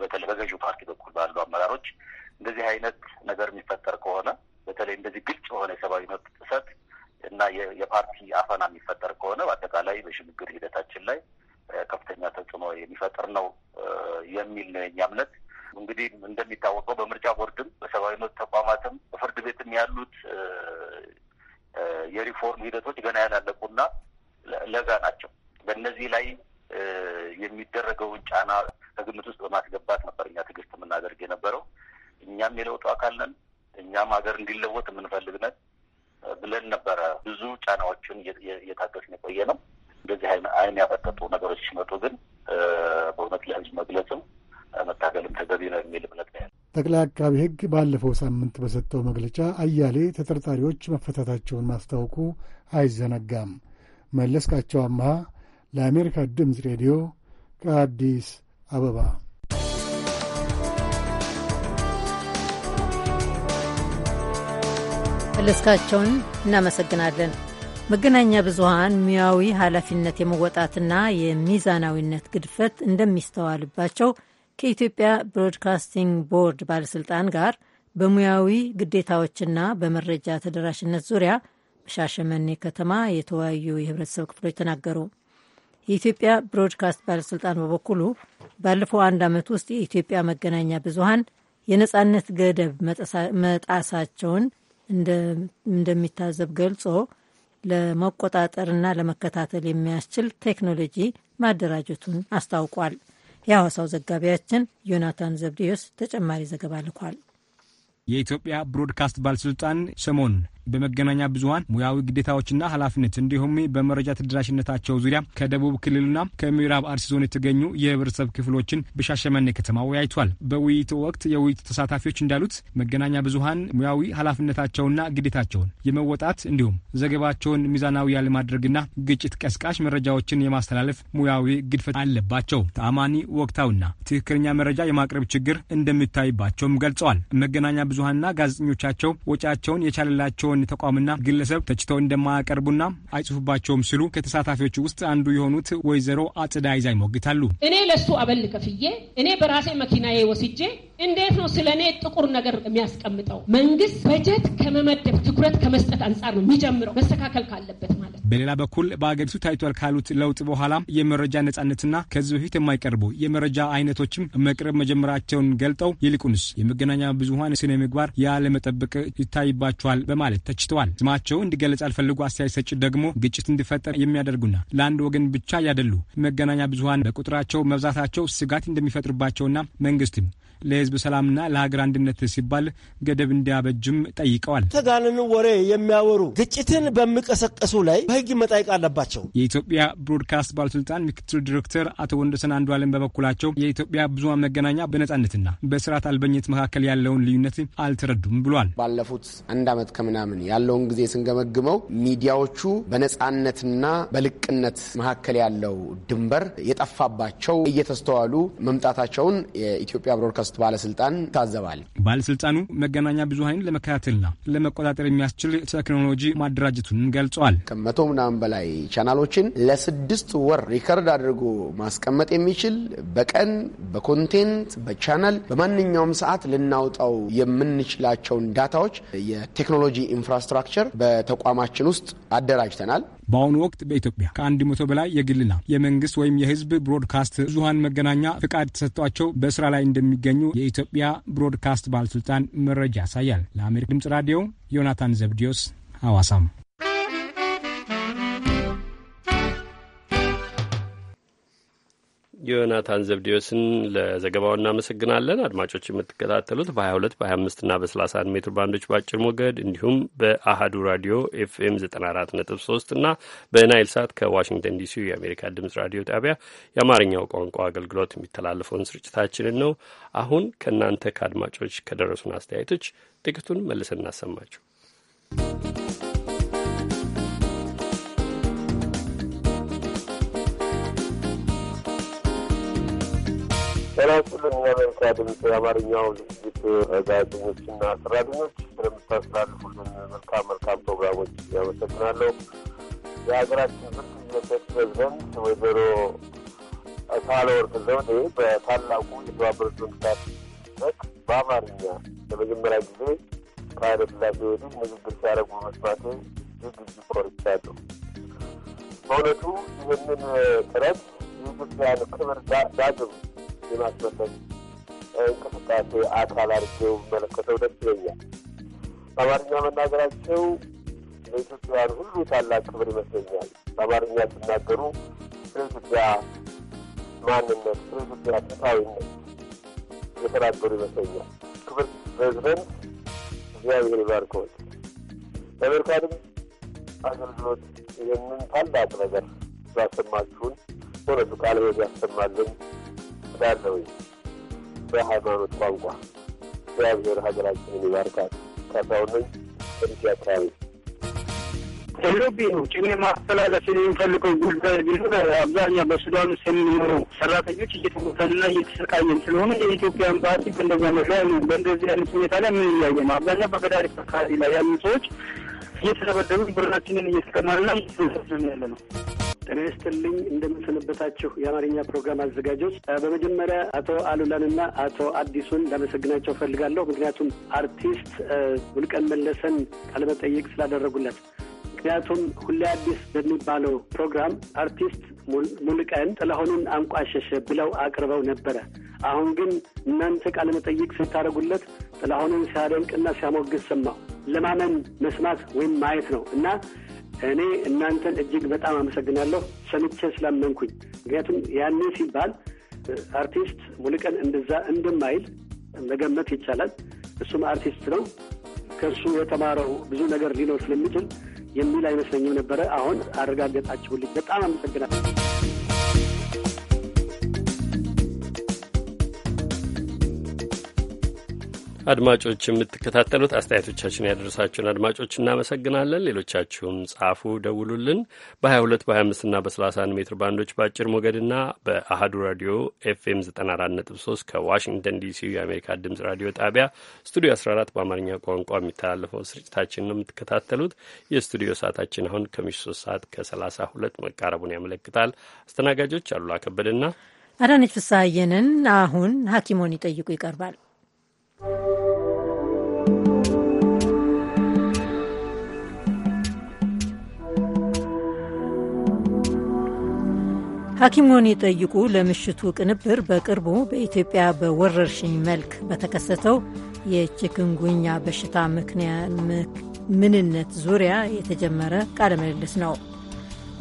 በተለይ በገዢው ፓርቲ በኩል ባሉ አመራሮች እንደዚህ አይነት ነገር የሚፈጠር ከሆነ በተለይ እንደዚህ ግልጽ የሆነ የሰብአዊ መብት ጥሰት እና የፓርቲ አፈና የሚፈጠር ከሆነ በአጠቃላይ በሽግግር ሂደታችን ላይ ከፍተኛ ተጽዕኖ የሚፈጥር ነው የሚል ነው የኛ እምነት። እንግዲህ እንደሚታወቀው በምርጫ ቦርድም በሰብአዊ መብት ተቋማትም በፍርድ ቤትም ያሉት የሪፎርም ሂደቶች ገና ያላለቁና ለጋ ናቸው። በእነዚህ ላይ የሚደረገውን ጫና ከግምት ውስጥ በማስገባት ነበር እኛ ትዕግስት የምናደርግ የነበረው። እኛም የለውጡ አካል ነን። እኛም ሀገር እንዲለወጥ የምንፈልግነት ብለን ነበረ። ብዙ ጫናዎችን እየታገስን የቆየ ነው። እንደዚህ አይን ያፈጠጡ ነገሮች ሲመጡ ግን በእውነት ለሕዝብ መግለጽም መታገልም ተገቢ ነው የሚል እምነት ነው ያለ ጠቅላይ አቃቢ ህግ ባለፈው ሳምንት በሰጠው መግለጫ አያሌ ተጠርጣሪዎች መፈታታቸውን ማስታወቁ አይዘነጋም። መለስካቸው አምሃ ለአሜሪካ ድምፅ ሬዲዮ ከአዲስ አበባ መለስካቸውን እናመሰግናለን። መገናኛ ብዙሃን ሙያዊ ኃላፊነት የመወጣትና የሚዛናዊነት ግድፈት እንደሚስተዋልባቸው ከኢትዮጵያ ብሮድካስቲንግ ቦርድ ባለሥልጣን ጋር በሙያዊ ግዴታዎችና በመረጃ ተደራሽነት ዙሪያ በሻሸመኔ ከተማ የተወያዩ የህብረተሰብ ክፍሎች ተናገሩ። የኢትዮጵያ ብሮድካስት ባለሥልጣን በበኩሉ ባለፈው አንድ ዓመት ውስጥ የኢትዮጵያ መገናኛ ብዙሃን የነጻነት ገደብ መጣሳቸውን እንደሚታዘብ ገልጾ ለመቆጣጠርና ለመከታተል የሚያስችል ቴክኖሎጂ ማደራጀቱን አስታውቋል። የሐዋሳው ዘጋቢያችን ዮናታን ዘብዴዎስ ተጨማሪ ዘገባ ልኳል። የኢትዮጵያ ብሮድካስት ባለስልጣን ሰሞን በመገናኛ ብዙሀን ሙያዊ ግዴታዎችና ኃላፊነት እንዲሁም በመረጃ ተደራሽነታቸው ዙሪያ ከደቡብ ክልልና ከምዕራብ አርሲ ዞን የተገኙ የህብረተሰብ ክፍሎችን በሻሸመኔ ከተማ ወያይቷል። በውይይቱ ወቅት የውይይቱ ተሳታፊዎች እንዳሉት መገናኛ ብዙሀን ሙያዊ ኃላፊነታቸውና ግዴታቸውን የመወጣት እንዲሁም ዘገባቸውን ሚዛናዊ ያለማድረግና ግጭት ቀስቃሽ መረጃዎችን የማስተላለፍ ሙያዊ ግድፈት አለባቸው። ተአማኒ ወቅታዊና ትክክለኛ መረጃ የማቅረብ ችግር እንደሚታይባቸውም ገልጸዋል። መገናኛ ብዙሀንና ጋዜጠኞቻቸው ወጪያቸውን የቻለላቸውን የሆነ ተቋምና ግለሰብ ተችተው እንደማያቀርቡና አይጽፉባቸውም ሲሉ ከተሳታፊዎች ውስጥ አንዱ የሆኑት ወይዘሮ አጽዳ ይዛ ይሞግታሉ። እኔ ለሱ አበል ከፍዬ እኔ በራሴ መኪናዬ ወስጄ እንዴት ነው ስለ እኔ ጥቁር ነገር የሚያስቀምጠው? መንግስት በጀት ከመመደብ ትኩረት ከመስጠት አንጻር ነው የሚጀምረው፣ መስተካከል ካለበት ማለት። በሌላ በኩል በአገሪቱ ታይቷል ካሉት ለውጥ በኋላ የመረጃ ነጻነትና ከዚህ በፊት የማይቀርቡ የመረጃ አይነቶችም መቅረብ መጀመራቸውን ገልጠው ይልቁንስ የመገናኛ ብዙሀን ስነ ምግባር ያለመጠበቅ ይታይባቸዋል በማለት ተችተዋል። ስማቸው እንዲገለጽ ያልፈልጉ አስተያየት ሰጭ ደግሞ ግጭት እንዲፈጠር የሚያደርጉና ለአንድ ወገን ብቻ ያደሉ መገናኛ ብዙሀን በቁጥራቸው መብዛታቸው ስጋት እንደሚፈጥርባቸውና መንግስትም ለህዝብ ሰላምና ለሀገር አንድነት ሲባል ገደብ እንዲያበጅም ጠይቀዋል። ተጋንን ወሬ የሚያወሩ ግጭትን በሚቀሰቀሱ ላይ በህግ መጠየቅ አለባቸው። የኢትዮጵያ ብሮድካስት ባለስልጣን ምክትል ዲሬክተር አቶ ወንደሰን አንዱ አለም በበኩላቸው የኢትዮጵያ ብዙሀን መገናኛ በነጻነትና በስርዓት አልበኝነት መካከል ያለውን ልዩነት አልተረዱም ብሏል። ባለፉት አንድ ዓመት ከምናምን ምናምን ያለውን ጊዜ ስንገመግመው ሚዲያዎቹ በነፃነትና በልቅነት መካከል ያለው ድንበር የጠፋባቸው እየተስተዋሉ መምጣታቸውን የኢትዮጵያ ብሮድካስት ባለስልጣን ታዘባል። ባለስልጣኑ መገናኛ ብዙኃንን ለመከታተልና ለመቆጣጠር የሚያስችል ቴክኖሎጂ ማደራጀቱን ገልጸዋል። ከመቶ ምናምን በላይ ቻናሎችን ለስድስት ወር ሪከርድ አድርጎ ማስቀመጥ የሚችል በቀን በኮንቴንት በቻናል በማንኛውም ሰዓት ልናውጣው የምንችላቸውን ዳታዎች የቴክኖሎጂ ኢንፍራስትራክቸር በተቋማችን ውስጥ አደራጅተናል። በአሁኑ ወቅት በኢትዮጵያ ከአንድ መቶ በላይ የግልና የመንግስት ወይም የህዝብ ብሮድካስት ብዙሀን መገናኛ ፍቃድ ተሰጥቷቸው በስራ ላይ እንደሚገኙ የኢትዮጵያ ብሮድካስት ባለስልጣን መረጃ ያሳያል። ለአሜሪካ ድምጽ ራዲዮ ዮናታን ዘብዲዮስ ሐዋሳም ዮናታን ዘብዴዎስን ለዘገባው እናመሰግናለን። አድማጮች የምትከታተሉት በ22 በ25 እና በ31 ሜትር ባንዶች በአጭር ሞገድ እንዲሁም በአሃዱ ራዲዮ ኤፍኤም 94.3 እና በናይል ሳት ከዋሽንግተን ዲሲ የአሜሪካ ድምፅ ራዲዮ ጣቢያ የአማርኛው ቋንቋ አገልግሎት የሚተላለፈውን ስርጭታችንን ነው። አሁን ከእናንተ ከአድማጮች ከደረሱን አስተያየቶች ጥቂቱን መልሰን እናሰማችሁ። ጤናስጥልን የአሜሪካ ድምፅ የአማርኛው ዝግጅት ጋዜጠኞችና ሰራተኞች ስለምታስተላልፉልን መልካም መልካም ፕሮግራሞች እያመሰግናለሁ። የሀገራችን ምርጥ ኢትዮጵያች ፕሬዚደንት ወይዘሮ ሳህለወርቅ ዘውዴ በታላቁ የተባበሩት መንግስታት መድረክ በአማርኛ ለመጀመሪያ ጊዜ ከኃይለሥላሴ ወዲህ ንግግር ሲያደርጉ መስማቴ እጅግ እጅግ ኮርቻለሁ። በእውነቱ ይህንን ጥረት የኢትዮጵያን ክብር ዳግም የማስመለስ እንቅስቃሴ አካል አድርገው መለከተው ደስ ይለኛል። በአማርኛ መናገራቸው ለኢትዮጵያውያን ሁሉ ታላቅ ክብር ይመስለኛል። በአማርኛ ሲናገሩ ስለ ኢትዮጵያ ማንነት፣ ስለ ኢትዮጵያ ፍትሐዊነት የተናገሩ ይመስለኛል። ክብር ፕሬዚደንት፣ እግዚአብሔር ይባርከዎት። ለአሜሪካ ድምፅ አገልግሎት ይህንን ታላቅ ነገር ስላሰማችሁን በእውነቱ ቃለ ሕይወት ያሰማልን። እላለሁ። በሃይማኖት ቋንቋ እግዚአብሔር ሀገራችንን ይባርካል። ከሰውነኝ ጥርት አካባቢ ነው ጭኔ ማስተላለፍ የሚፈልገው ጉዳይ ቢሆን አብዛኛው በሱዳን ውስጥ የሚኖሩ ሰራተኞች እየተጎተሉና እየተሰቃየን ስለሆነ የኢትዮጵያ ኤምባሲ በእንደዚያ ላይ በእንደዚህ አይነት ሁኔታ ላይ ምን እያየ ነው? አብዛኛው በገዳሪፍ አካባቢ ላይ ያሉ ሰዎች እየተደበደቡ ብራችንን እየተቀማልና እየተሰሰነ ያለ ነው። ጤና ይስጥልኝ። እንደምንሰነበታችሁ የአማርኛ ፕሮግራም አዘጋጆች፣ በመጀመሪያ አቶ አሉላንና አቶ አዲሱን ላመሰግናቸው ፈልጋለሁ። ምክንያቱም አርቲስት ውልቀን መለሰን ቃለመጠይቅ ስላደረጉለት ምክንያቱም ሁሌ አዲስ በሚባለው ፕሮግራም አርቲስት ሙልቀን ጥላሁንን አንቋሸሸ ብለው አቅርበው ነበረ። አሁን ግን እናንተ ቃለመጠይቅ ስታደርጉለት ጥላሁንን ሲያደንቅና ሲያሞግስ ሰማሁ። ለማመን መስማት ወይም ማየት ነው እና እኔ እናንተን እጅግ በጣም አመሰግናለሁ ሰምቼ ስላመንኩኝ። ምክንያቱም ያኔ ሲባል አርቲስት ሙሉቀን እንደዛ እንደማይል መገመት ይቻላል። እሱም አርቲስት ነው። ከእሱ የተማረው ብዙ ነገር ሊኖር ስለሚችል የሚል አይመስለኝም ነበረ። አሁን አረጋገጣችሁልኝ። በጣም አመሰግናለሁ። አድማጮች የምትከታተሉት አስተያየቶቻችን ያደረሳችሁን አድማጮች እናመሰግናለን። ሌሎቻችሁም ጻፉ፣ ደውሉልን። በ22 በ25ና በ31 ሜትር ባንዶች በአጭር ሞገድና በአህዱ ራዲዮ ኤፍኤም 943 ከዋሽንግተን ዲሲ የአሜሪካ ድምጽ ራዲዮ ጣቢያ ስቱዲዮ 14 በአማርኛ ቋንቋ የሚተላለፈው ስርጭታችን ነው የምትከታተሉት። የስቱዲዮ ሰዓታችን አሁን ከምሽቱ 3 ሰዓት ከ32 መቃረቡን ያመለክታል። አስተናጋጆች አሉላ ከበደና አዳነች ፍስሐየንን። አሁን ሐኪሞን ይጠይቁ ይቀርባል። ሐኪሙን ይጠይቁ ለምሽቱ ቅንብር በቅርቡ በኢትዮጵያ በወረርሽኝ መልክ በተከሰተው የቺክንጉኛ በሽታ ምንነት ዙሪያ የተጀመረ ቃለ ምልልስ ነው።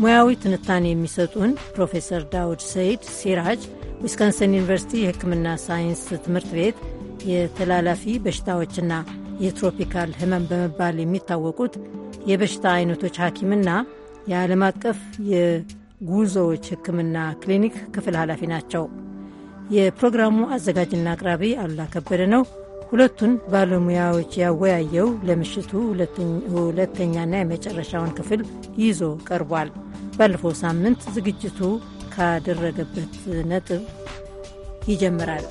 ሙያዊ ትንታኔ የሚሰጡን ፕሮፌሰር ዳውድ ሰይድ ሲራጅ ዊስኮንሰን ዩኒቨርሲቲ የሕክምና ሳይንስ ትምህርት ቤት የተላላፊ በሽታዎችና የትሮፒካል ህመም በመባል የሚታወቁት የበሽታ አይነቶች ሐኪምና የዓለም አቀፍ ጉዞዎች ሕክምና ክሊኒክ ክፍል ኃላፊ ናቸው። የፕሮግራሙ አዘጋጅና አቅራቢ አሉላ ከበደ ነው። ሁለቱን ባለሙያዎች ያወያየው ለምሽቱ ሁለተኛና የመጨረሻውን ክፍል ይዞ ቀርቧል። ባለፈው ሳምንት ዝግጅቱ ካደረገበት ነጥብ ይጀምራል።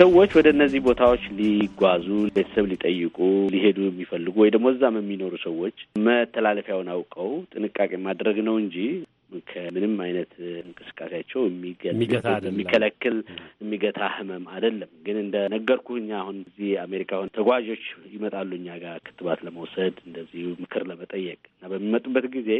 ሰዎች ወደ እነዚህ ቦታዎች ሊጓዙ ቤተሰብ ሊጠይቁ ሊሄዱ የሚፈልጉ ወይ ደግሞ እዛም የሚኖሩ ሰዎች መተላለፊያውን አውቀው ጥንቃቄ ማድረግ ነው እንጂ ከምንም አይነት እንቅስቃሴያቸው የሚከለክል የሚገታ ህመም አይደለም። ግን እንደ ነገርኩህ አሁን እዚህ አሜሪካ አሁን ተጓዦች ይመጣሉ እኛ ጋር ክትባት ለመውሰድ እንደዚሁ ምክር ለመጠየቅ እና በሚመጡበት ጊዜ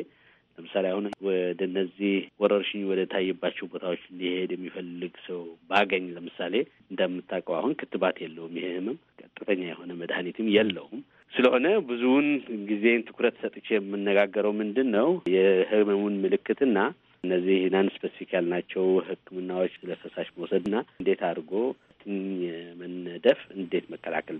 ለምሳሌ አሁን ወደ እነዚህ ወረርሽኝ ወደ ታየባቸው ቦታዎች ሊሄድ የሚፈልግ ሰው ባገኝ ለምሳሌ እንደምታውቀው አሁን ክትባት የለውም። ይሄ ህመም ቀጥተኛ የሆነ መድኃኒትም የለውም። ስለሆነ ብዙውን ጊዜን ትኩረት ሰጥቼ የምነጋገረው ምንድን ነው የህመሙን ምልክትና እነዚህ ናን ስፔሲፊክ ያልናቸው ህክምናዎች ለፈሳሽ መውሰድና እንዴት አድርጎ አጥኝ መነደፍ እንዴት መከላከል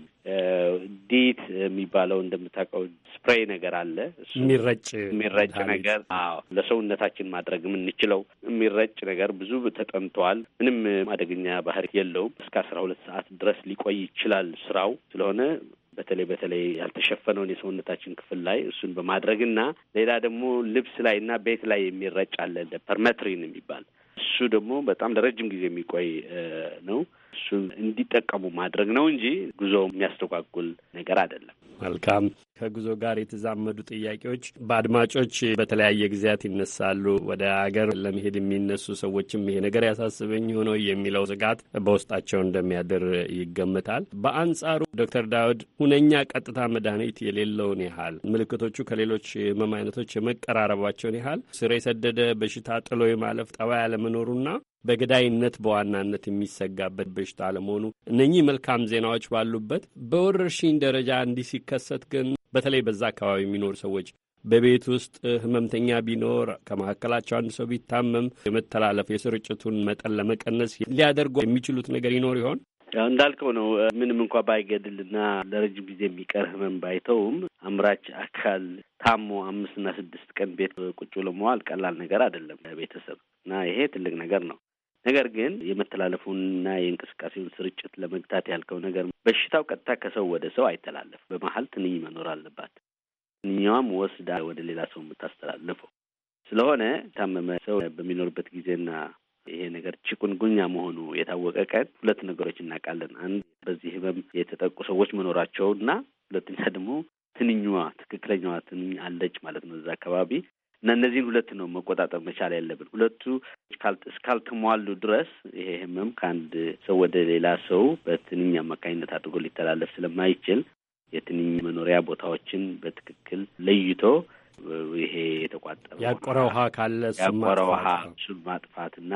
ዲት የሚባለው እንደምታውቀው ስፕሬይ ነገር አለ። የሚረጭ የሚረጭ ነገር አዎ፣ ለሰውነታችን ማድረግ የምንችለው የሚረጭ ነገር ብዙ ተጠንተዋል። ምንም አደገኛ ባህሪ የለውም። እስከ አስራ ሁለት ሰዓት ድረስ ሊቆይ ይችላል ስራው ስለሆነ በተለይ በተለይ ያልተሸፈነውን የሰውነታችን ክፍል ላይ እሱን በማድረግና ሌላ ደግሞ ልብስ ላይ እና ቤት ላይ የሚረጭ አለ ፐርሜትሪን የሚባል እሱ ደግሞ በጣም ለረጅም ጊዜ የሚቆይ ነው። እሱ እንዲጠቀሙ ማድረግ ነው እንጂ ጉዞ የሚያስተጓጉል ነገር አይደለም። መልካም። ከጉዞ ጋር የተዛመዱ ጥያቄዎች በአድማጮች በተለያየ ጊዜያት ይነሳሉ። ወደ አገር ለመሄድ የሚነሱ ሰዎችም ይሄ ነገር ያሳስበኝ ሆኖ የሚለው ስጋት በውስጣቸው እንደሚያድር ይገምታል። በአንጻሩ ዶክተር ዳውድ ሁነኛ ቀጥታ መድኃኒት የሌለውን ያህል ምልክቶቹ ከሌሎች ህመም አይነቶች የመቀራረባቸውን ያህል ስር የሰደደ በሽታ ጥሎ የማለፍ ጠባይ አለመኖሩና በገዳይነት በዋናነት የሚሰጋበት በሽታ ለመሆኑ እነኚህ መልካም ዜናዎች ባሉበት በወረርሽኝ ደረጃ እንዲህ ሲከሰት ግን በተለይ በዛ አካባቢ የሚኖሩ ሰዎች በቤት ውስጥ ህመምተኛ ቢኖር ከመካከላቸው አንድ ሰው ቢታመም የመተላለፍ የስርጭቱን መጠን ለመቀነስ ሊያደርጉ የሚችሉት ነገር ይኖር ይሆን? እንዳልከው ነው። ምንም እንኳ ባይገድልና ለረጅም ጊዜ የሚቀር ህመም ባይተውም አምራች አካል ታሞ አምስትና ስድስት ቀን ቤት ቁጭ ብሎ መዋል ቀላል ነገር አይደለም ለቤተሰብ እና ይሄ ትልቅ ነገር ነው። ነገር ግን የመተላለፉንና የእንቅስቃሴውን ስርጭት ለመግታት ያልከው ነገር በሽታው ቀጥታ ከሰው ወደ ሰው አይተላለፍ። በመሀል ትንኝ መኖር አለባት። ትንኛዋም ወስዳ ወደ ሌላ ሰው የምታስተላልፈው ስለሆነ የታመመ ሰው በሚኖርበት ጊዜና ይሄ ነገር ቺኩንጉኛ መሆኑ የታወቀ ቀን ሁለት ነገሮች እናውቃለን። አንድ በዚህ ህመም የተጠቁ ሰዎች መኖራቸውና ሁለተኛ ደግሞ ትንኛዋ ትክክለኛዋ ትንኝ አለች ማለት ነው እዛ አካባቢ እና እነዚህን ሁለት ነው መቆጣጠር መቻል ያለብን። ሁለቱ እስካልተሟሉ ድረስ ይሄ ህመም ከአንድ ሰው ወደ ሌላ ሰው በትንኝ አማካኝነት አድርጎ ሊተላለፍ ስለማይችል የትንኝ መኖሪያ ቦታዎችን በትክክል ለይቶ ይሄ የተቋጠረ ያቆረ ውሃ ካለ ያቆረ ውሃ እሱን ማጥፋትና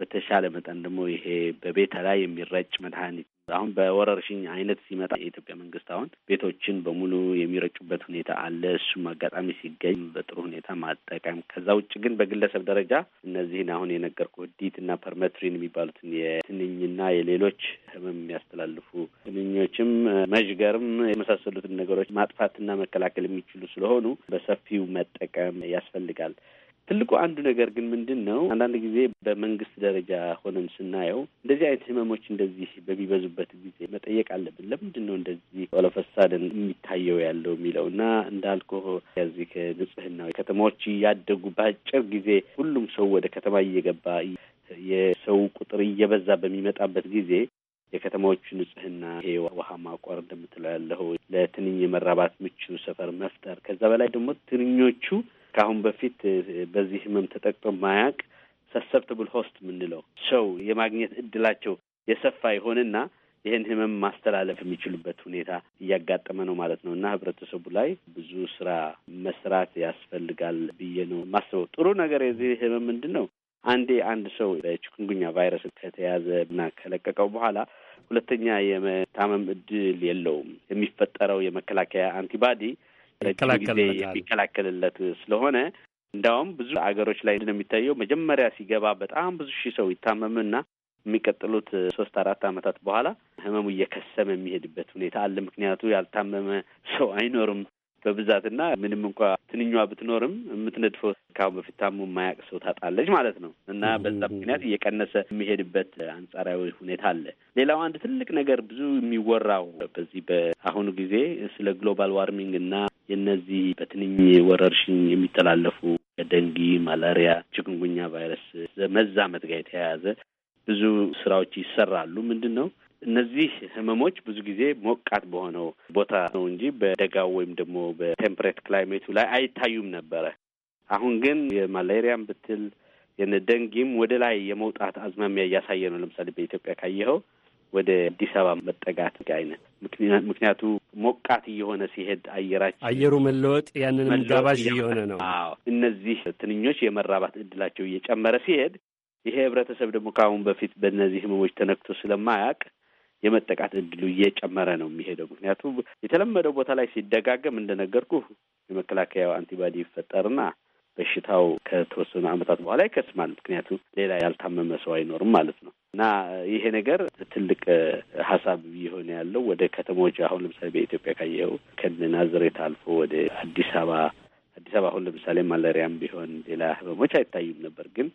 በተሻለ መጠን ደግሞ ይሄ በቤተ ላይ የሚረጭ መድኃኒት አሁን በወረርሽኝ አይነት ሲመጣ የኢትዮጵያ መንግስት አሁን ቤቶችን በሙሉ የሚረጩበት ሁኔታ አለ። እሱም አጋጣሚ ሲገኝ በጥሩ ሁኔታ ማጠቀም። ከዛ ውጭ ግን በግለሰብ ደረጃ እነዚህን አሁን የነገርኩ ዲት እና ፐርመትሪን የሚባሉትን የትንኝና የሌሎች ህመም የሚያስተላልፉ ትንኞችም መዥገርም የመሳሰሉትን ነገሮች ማጥፋትና መከላከል የሚችሉ ስለሆኑ በሰፊው መጠቀም ያስፈልጋል። ትልቁ አንዱ ነገር ግን ምንድን ነው፣ አንዳንድ ጊዜ በመንግስት ደረጃ ሆነን ስናየው እንደዚህ አይነት ህመሞች እንደዚህ በሚበዙበት ጊዜ መጠየቅ አለብን። ለምንድን ነው እንደዚህ ኦለፈሳደን የሚታየው ያለው የሚለው እና እንዳልኩ ከዚህ ከንጽህና ከተማዎች እያደጉ በአጭር ጊዜ ሁሉም ሰው ወደ ከተማ እየገባ የሰው ቁጥር እየበዛ በሚመጣበት ጊዜ የከተማዎቹ ንጽህና ይሄ ውሃ ማቆር እንደምትለው ያለው ለትንኝ የመራባት ምቹ ሰፈር መፍጠር ከዛ በላይ ደግሞ ትንኞቹ ከአሁን በፊት በዚህ ህመም ተጠቅቶ ማያቅ ሰሰፕትብል ሆስት የምንለው ሰው የማግኘት እድላቸው የሰፋ ይሆንና ይህን ህመም ማስተላለፍ የሚችሉበት ሁኔታ እያጋጠመ ነው ማለት ነው። እና ህብረተሰቡ ላይ ብዙ ስራ መስራት ያስፈልጋል ብዬ ነው ማስበው። ጥሩ ነገር የዚህ ህመም ምንድን ነው? አንዴ አንድ ሰው በችኩንጉኛ ቫይረስ ከተያዘ እና ከለቀቀው በኋላ ሁለተኛ የመታመም እድል የለውም። የሚፈጠረው የመከላከያ አንቲባዲ የሚከላከልለት ስለሆነ እንዲያውም ብዙ አገሮች ላይ ነው የሚታየው። መጀመሪያ ሲገባ በጣም ብዙ ሺህ ሰው ይታመምና የሚቀጥሉት ሶስት አራት ዓመታት በኋላ ህመሙ እየከሰመ የሚሄድበት ሁኔታ አለ። ምክንያቱ ያልታመመ ሰው አይኖርም በብዛትና ምንም እንኳ ትንኛ ብትኖርም የምትነድፈው ካሁን በፊት ታሙ የማያውቅ ሰው ታጣለች ማለት ነው። እና በዛ ምክንያት እየቀነሰ የሚሄድበት አንጻራዊ ሁኔታ አለ። ሌላው አንድ ትልቅ ነገር ብዙ የሚወራው በዚህ በአሁኑ ጊዜ ስለ ግሎባል ዋርሚንግ እና የእነዚህ በትንኝ ወረርሽኝ የሚተላለፉ ከደንጊ፣ ማላሪያ፣ ችግንጉኛ ቫይረስ መዛመት ጋር የተያያዘ ብዙ ስራዎች ይሰራሉ። ምንድን ነው እነዚህ ህመሞች ብዙ ጊዜ ሞቃት በሆነው ቦታ ነው እንጂ በደጋው ወይም ደግሞ በቴምፕሬት ክላይሜቱ ላይ አይታዩም ነበረ። አሁን ግን የማላሪያም ብትል የነ ደንጊም ወደ ላይ የመውጣት አዝማሚያ እያሳየ ነው። ለምሳሌ በኢትዮጵያ ካየኸው ወደ አዲስ አበባ መጠጋት አይነት ምክንያቱ ሞቃት እየሆነ ሲሄድ አየራችን አየሩ መለወጥ ያንን መጋባዥ እየሆነ ነው። አዎ እነዚህ ትንኞች የመራባት እድላቸው እየጨመረ ሲሄድ ይሄ ህብረተሰብ ደግሞ ከአሁን በፊት በእነዚህ ህመሞች ተነክቶ ስለማያውቅ የመጠቃት እድሉ እየጨመረ ነው የሚሄደው። ምክንያቱም የተለመደው ቦታ ላይ ሲደጋገም እንደነገርኩ የመከላከያው አንቲባዲ ይፈጠርና በሽታው ከተወሰኑ ዓመታት በኋላ ይከስማል። ምክንያቱም ሌላ ያልታመመ ሰው አይኖርም ማለት ነው። እና ይሄ ነገር ትልቅ ሀሳብ እየሆነ ያለው ወደ ከተሞች አሁን ለምሳሌ በኢትዮጵያ ካየኸው ከነ ናዝሬት አልፎ ወደ አዲስ አበባ አዲስ አበባ አሁን ለምሳሌ ማላሪያም ቢሆን ሌላ ህመሞች አይታዩም ነበር ግን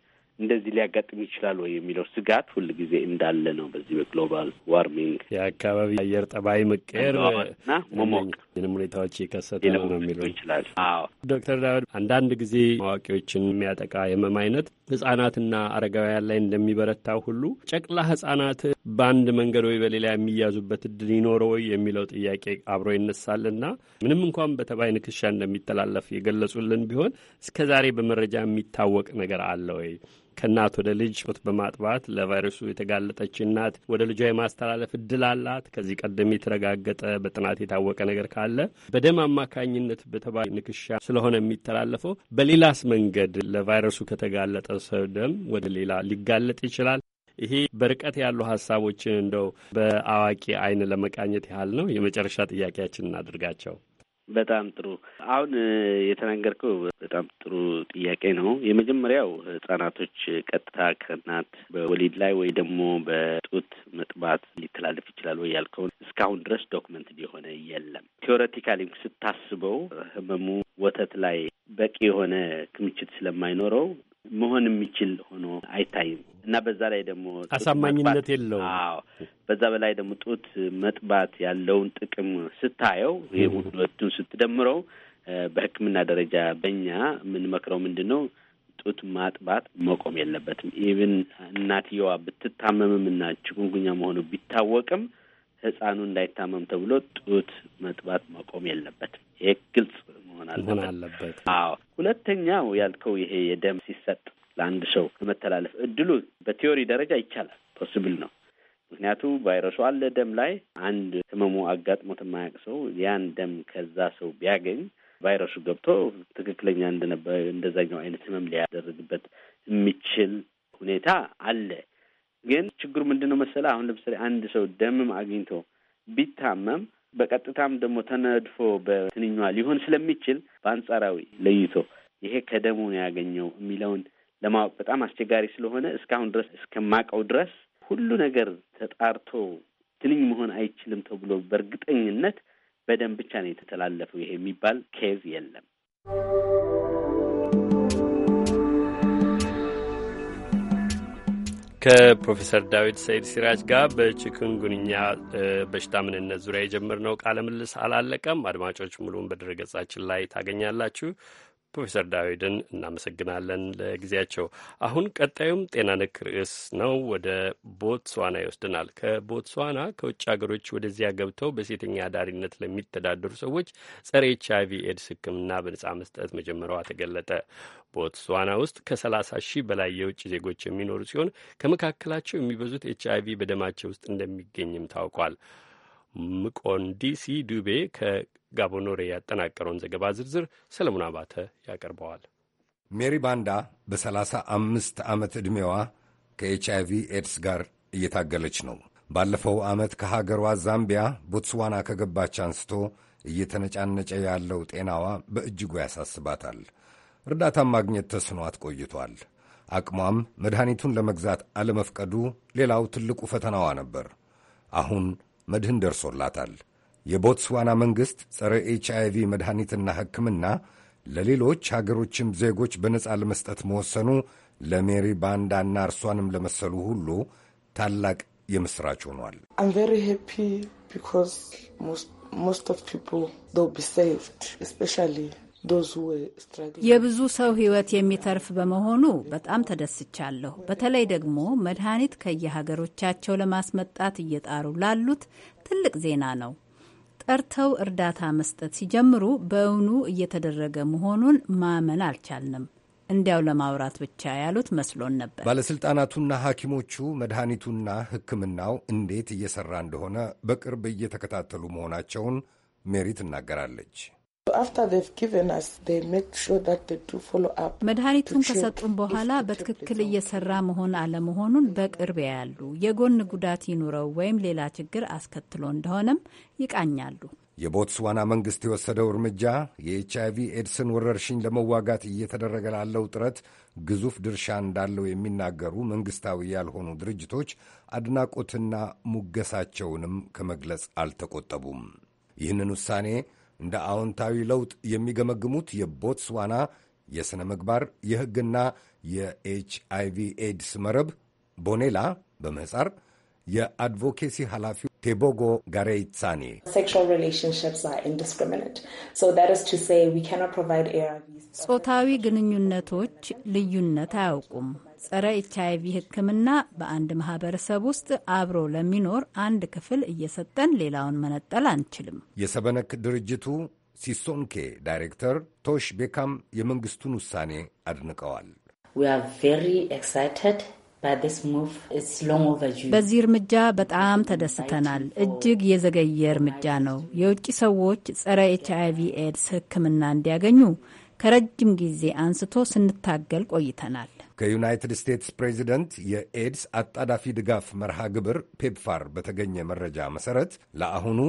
እንደዚህ ሊያጋጥም ይችላል ወይ የሚለው ስጋት ሁል ጊዜ እንዳለ ነው። በዚህ በግሎባል ዋርሚንግ የአካባቢ አየር ጠባይ መቀየር እና መሞቅ ሁኔታዎች የከሰተ ነው ነው የሚለው ይችላል። አዎ ዶክተር ዳዊድ አንዳንድ ጊዜ ማዋቂዎችን የሚያጠቃ የህመም አይነት ህጻናትና አረጋውያን ላይ እንደሚበረታው ሁሉ ጨቅላ ህጻናት በአንድ መንገድ ወይ በሌላ የሚያዙበት እድል ወይ የሚለው ጥያቄ አብሮ ይነሳልና ምንም እንኳን በተባይ ንክሻ እንደሚተላለፍ የገለጹልን ቢሆን እስከ ዛሬ በመረጃ የሚታወቅ ነገር አለ ወይ? ከእናት ወደ ልጅ ጡት በማጥባት ለቫይረሱ የተጋለጠች እናት ወደ ልጇ የማስተላለፍ እድል አላት? ከዚህ ቀደም የተረጋገጠ በጥናት የታወቀ ነገር ካለ በደም አማካኝነት በተባ ንክሻ ስለሆነ የሚተላለፈው በሌላስ መንገድ ለቫይረሱ ከተጋለጠ ሰው ደም ወደ ሌላ ሊጋለጥ ይችላል? ይሄ በርቀት ያሉ ሀሳቦችን እንደው በአዋቂ አይን ለመቃኘት ያህል ነው። የመጨረሻ ጥያቄያችን እናድርጋቸው። በጣም ጥሩ። አሁን የተናገርከው በጣም ጥሩ ጥያቄ ነው። የመጀመሪያው ህጻናቶች ቀጥታ ከእናት በወሊድ ላይ ወይ ደግሞ በጡት መጥባት ሊተላለፍ ይችላል ወይ ያልከውን እስካሁን ድረስ ዶክመንት የሆነ የለም። ቴዎሬቲካሊ ስታስበው ህመሙ ወተት ላይ በቂ የሆነ ክምችት ስለማይኖረው መሆን የሚችል ሆኖ አይታይም እና በዛ ላይ ደግሞ አሳማኝነት የለው። አዎ በዛ በላይ ደግሞ ጡት መጥባት ያለውን ጥቅም ስታየው ይህ ሁለቱን ስትደምረው በሕክምና ደረጃ በእኛ የምንመክረው ምንድን ነው? ጡት ማጥባት መቆም የለበትም። ኢብን እናትየዋ ብትታመምም እና ችጉንጉኛ መሆኑ ቢታወቅም ህፃኑ እንዳይታመም ተብሎ ጡት መጥባት መቆም የለበትም። ይሄ ግልጽ መሆን አለበት። አዎ። ሁለተኛው ያልከው ይሄ የደም ሲሰጥ ለአንድ ሰው ከመተላለፍ እድሉ በቲዮሪ ደረጃ ይቻላል፣ ፖስብል ነው። ምክንያቱ ቫይረሱ አለ ደም ላይ። አንድ ህመሙ አጋጥሞት የማያውቅ ሰው ያን ደም ከዛ ሰው ቢያገኝ ቫይረሱ ገብቶ ትክክለኛ እንደነበ እንደዛኛው አይነት ህመም ሊያደርግበት የሚችል ሁኔታ አለ። ግን ችግሩ ምንድን ነው መሰለህ? አሁን ለምሳሌ አንድ ሰው ደምም አግኝቶ ቢታመም በቀጥታም ደግሞ ተነድፎ በትንኛ ሊሆን ስለሚችል በአንጻራዊ ለይቶ ይሄ ከደሙ ነው ያገኘው የሚለውን ለማወቅ በጣም አስቸጋሪ ስለሆነ እስካሁን ድረስ እስከማውቀው ድረስ ሁሉ ነገር ተጣርቶ ትንኝ መሆን አይችልም ተብሎ በእርግጠኝነት በደም ብቻ ነው የተተላለፈው ይሄ የሚባል ኬዝ የለም። ከፕሮፌሰር ዳዊት ሰይድ ሲራጅ ጋር ጉንኛ በሽታ ምንነት ዙሪያ የጀመርነው ቃለ ምልልስ አላለቀም። አድማጮች ሙሉውን በድረገጻችን ላይ ታገኛላችሁ። ፕሮፌሰር ዳዊድን እናመሰግናለን ለጊዜያቸው። አሁን ቀጣዩም ጤና ነክ ርዕስ ነው። ወደ ቦትስዋና ይወስድናል። ከቦትስዋና ከውጭ ሀገሮች ወደዚያ ገብተው በሴተኛ አዳሪነት ለሚተዳደሩ ሰዎች ጸረ ኤች አይቪ ኤድስ ሕክምና በነጻ መስጠት መጀመሯ ተገለጠ። ቦትስዋና ውስጥ ከ30 ሺህ በላይ የውጭ ዜጎች የሚኖሩ ሲሆን ከመካከላቸው የሚበዙት ኤች አይቪ በደማቸው ውስጥ እንደሚገኝም ታውቋል። ምቆንዲሲ ዱቤ ጋቦኖሬ ያጠናቀረውን ዘገባ ዝርዝር ሰለሞን አባተ ያቀርበዋል። ሜሪ ባንዳ በሰላሳ አምስት ዓመት ዕድሜዋ ከኤች አይ ቪ ኤድስ ጋር እየታገለች ነው። ባለፈው ዓመት ከሀገሯ ዛምቢያ ቦትስዋና ከገባች አንስቶ እየተነጫነጨ ያለው ጤናዋ በእጅጉ ያሳስባታል። እርዳታም ማግኘት ተስኗት ቆይቷል። አቅሟም መድኃኒቱን ለመግዛት አለመፍቀዱ ሌላው ትልቁ ፈተናዋ ነበር። አሁን መድህን ደርሶላታል። የቦትስዋና መንግሥት ጸረ ኤች መድኃኒትና ሕክምና ለሌሎች ሀገሮችም ዜጎች በነፃ ለመስጠት መወሰኑ ለሜሪ ባንዳና እርሷንም ለመሰሉ ሁሉ ታላቅ የምሥራች ሆኗል። የብዙ ሰው ሕይወት የሚተርፍ በመሆኑ በጣም ተደስቻለሁ። በተለይ ደግሞ መድኃኒት ከየሀገሮቻቸው ለማስመጣት እየጣሩ ላሉት ትልቅ ዜና ነው። ጠርተው እርዳታ መስጠት ሲጀምሩ በእውኑ እየተደረገ መሆኑን ማመን አልቻልንም። እንዲያው ለማውራት ብቻ ያሉት መስሎን ነበር። ባለሥልጣናቱና ሐኪሞቹ መድኃኒቱና ሕክምናው እንዴት እየሠራ እንደሆነ በቅርብ እየተከታተሉ መሆናቸውን ሜሪ ትናገራለች። መድኃኒቱን ከሰጡን በኋላ በትክክል እየሰራ መሆን አለመሆኑን በቅርብ ያያሉ። የጎን ጉዳት ይኑረው ወይም ሌላ ችግር አስከትሎ እንደሆነም ይቃኛሉ። የቦትስዋና መንግሥት የወሰደው እርምጃ የኤች አይቪ ኤድስን ወረርሽኝ ለመዋጋት እየተደረገ ላለው ጥረት ግዙፍ ድርሻ እንዳለው የሚናገሩ መንግሥታዊ ያልሆኑ ድርጅቶች አድናቆትና ሙገሳቸውንም ከመግለጽ አልተቆጠቡም። ይህንን ውሳኔ እንደ አዎንታዊ ለውጥ የሚገመግሙት የቦትስዋና የሥነ ምግባር የሕግና አይቪ ኤድስ መረብ ቦኔላ በምህፃር የአድቮኬሲ ኃላፊ ቴቦጎ ጋሬይትሳኔ ጾታዊ ግንኙነቶች ልዩነት አያውቁም። ጸረ ኤች አይቪ ሕክምና በአንድ ማህበረሰብ ውስጥ አብሮ ለሚኖር አንድ ክፍል እየሰጠን ሌላውን መነጠል አንችልም። የሰበነክ ድርጅቱ ሲሶንኬ ዳይሬክተር ቶሽ ቤካም የመንግስቱን ውሳኔ አድንቀዋል። በዚህ እርምጃ በጣም ተደስተናል። እጅግ የዘገየ እርምጃ ነው። የውጭ ሰዎች ጸረ ኤች አይቪ ኤድስ ሕክምና እንዲያገኙ ከረጅም ጊዜ አንስቶ ስንታገል ቆይተናል። ከዩናይትድ ስቴትስ ፕሬዚደንት የኤድስ አጣዳፊ ድጋፍ መርሃ ግብር ፔፕፋር በተገኘ መረጃ መሠረት ለአሁኑ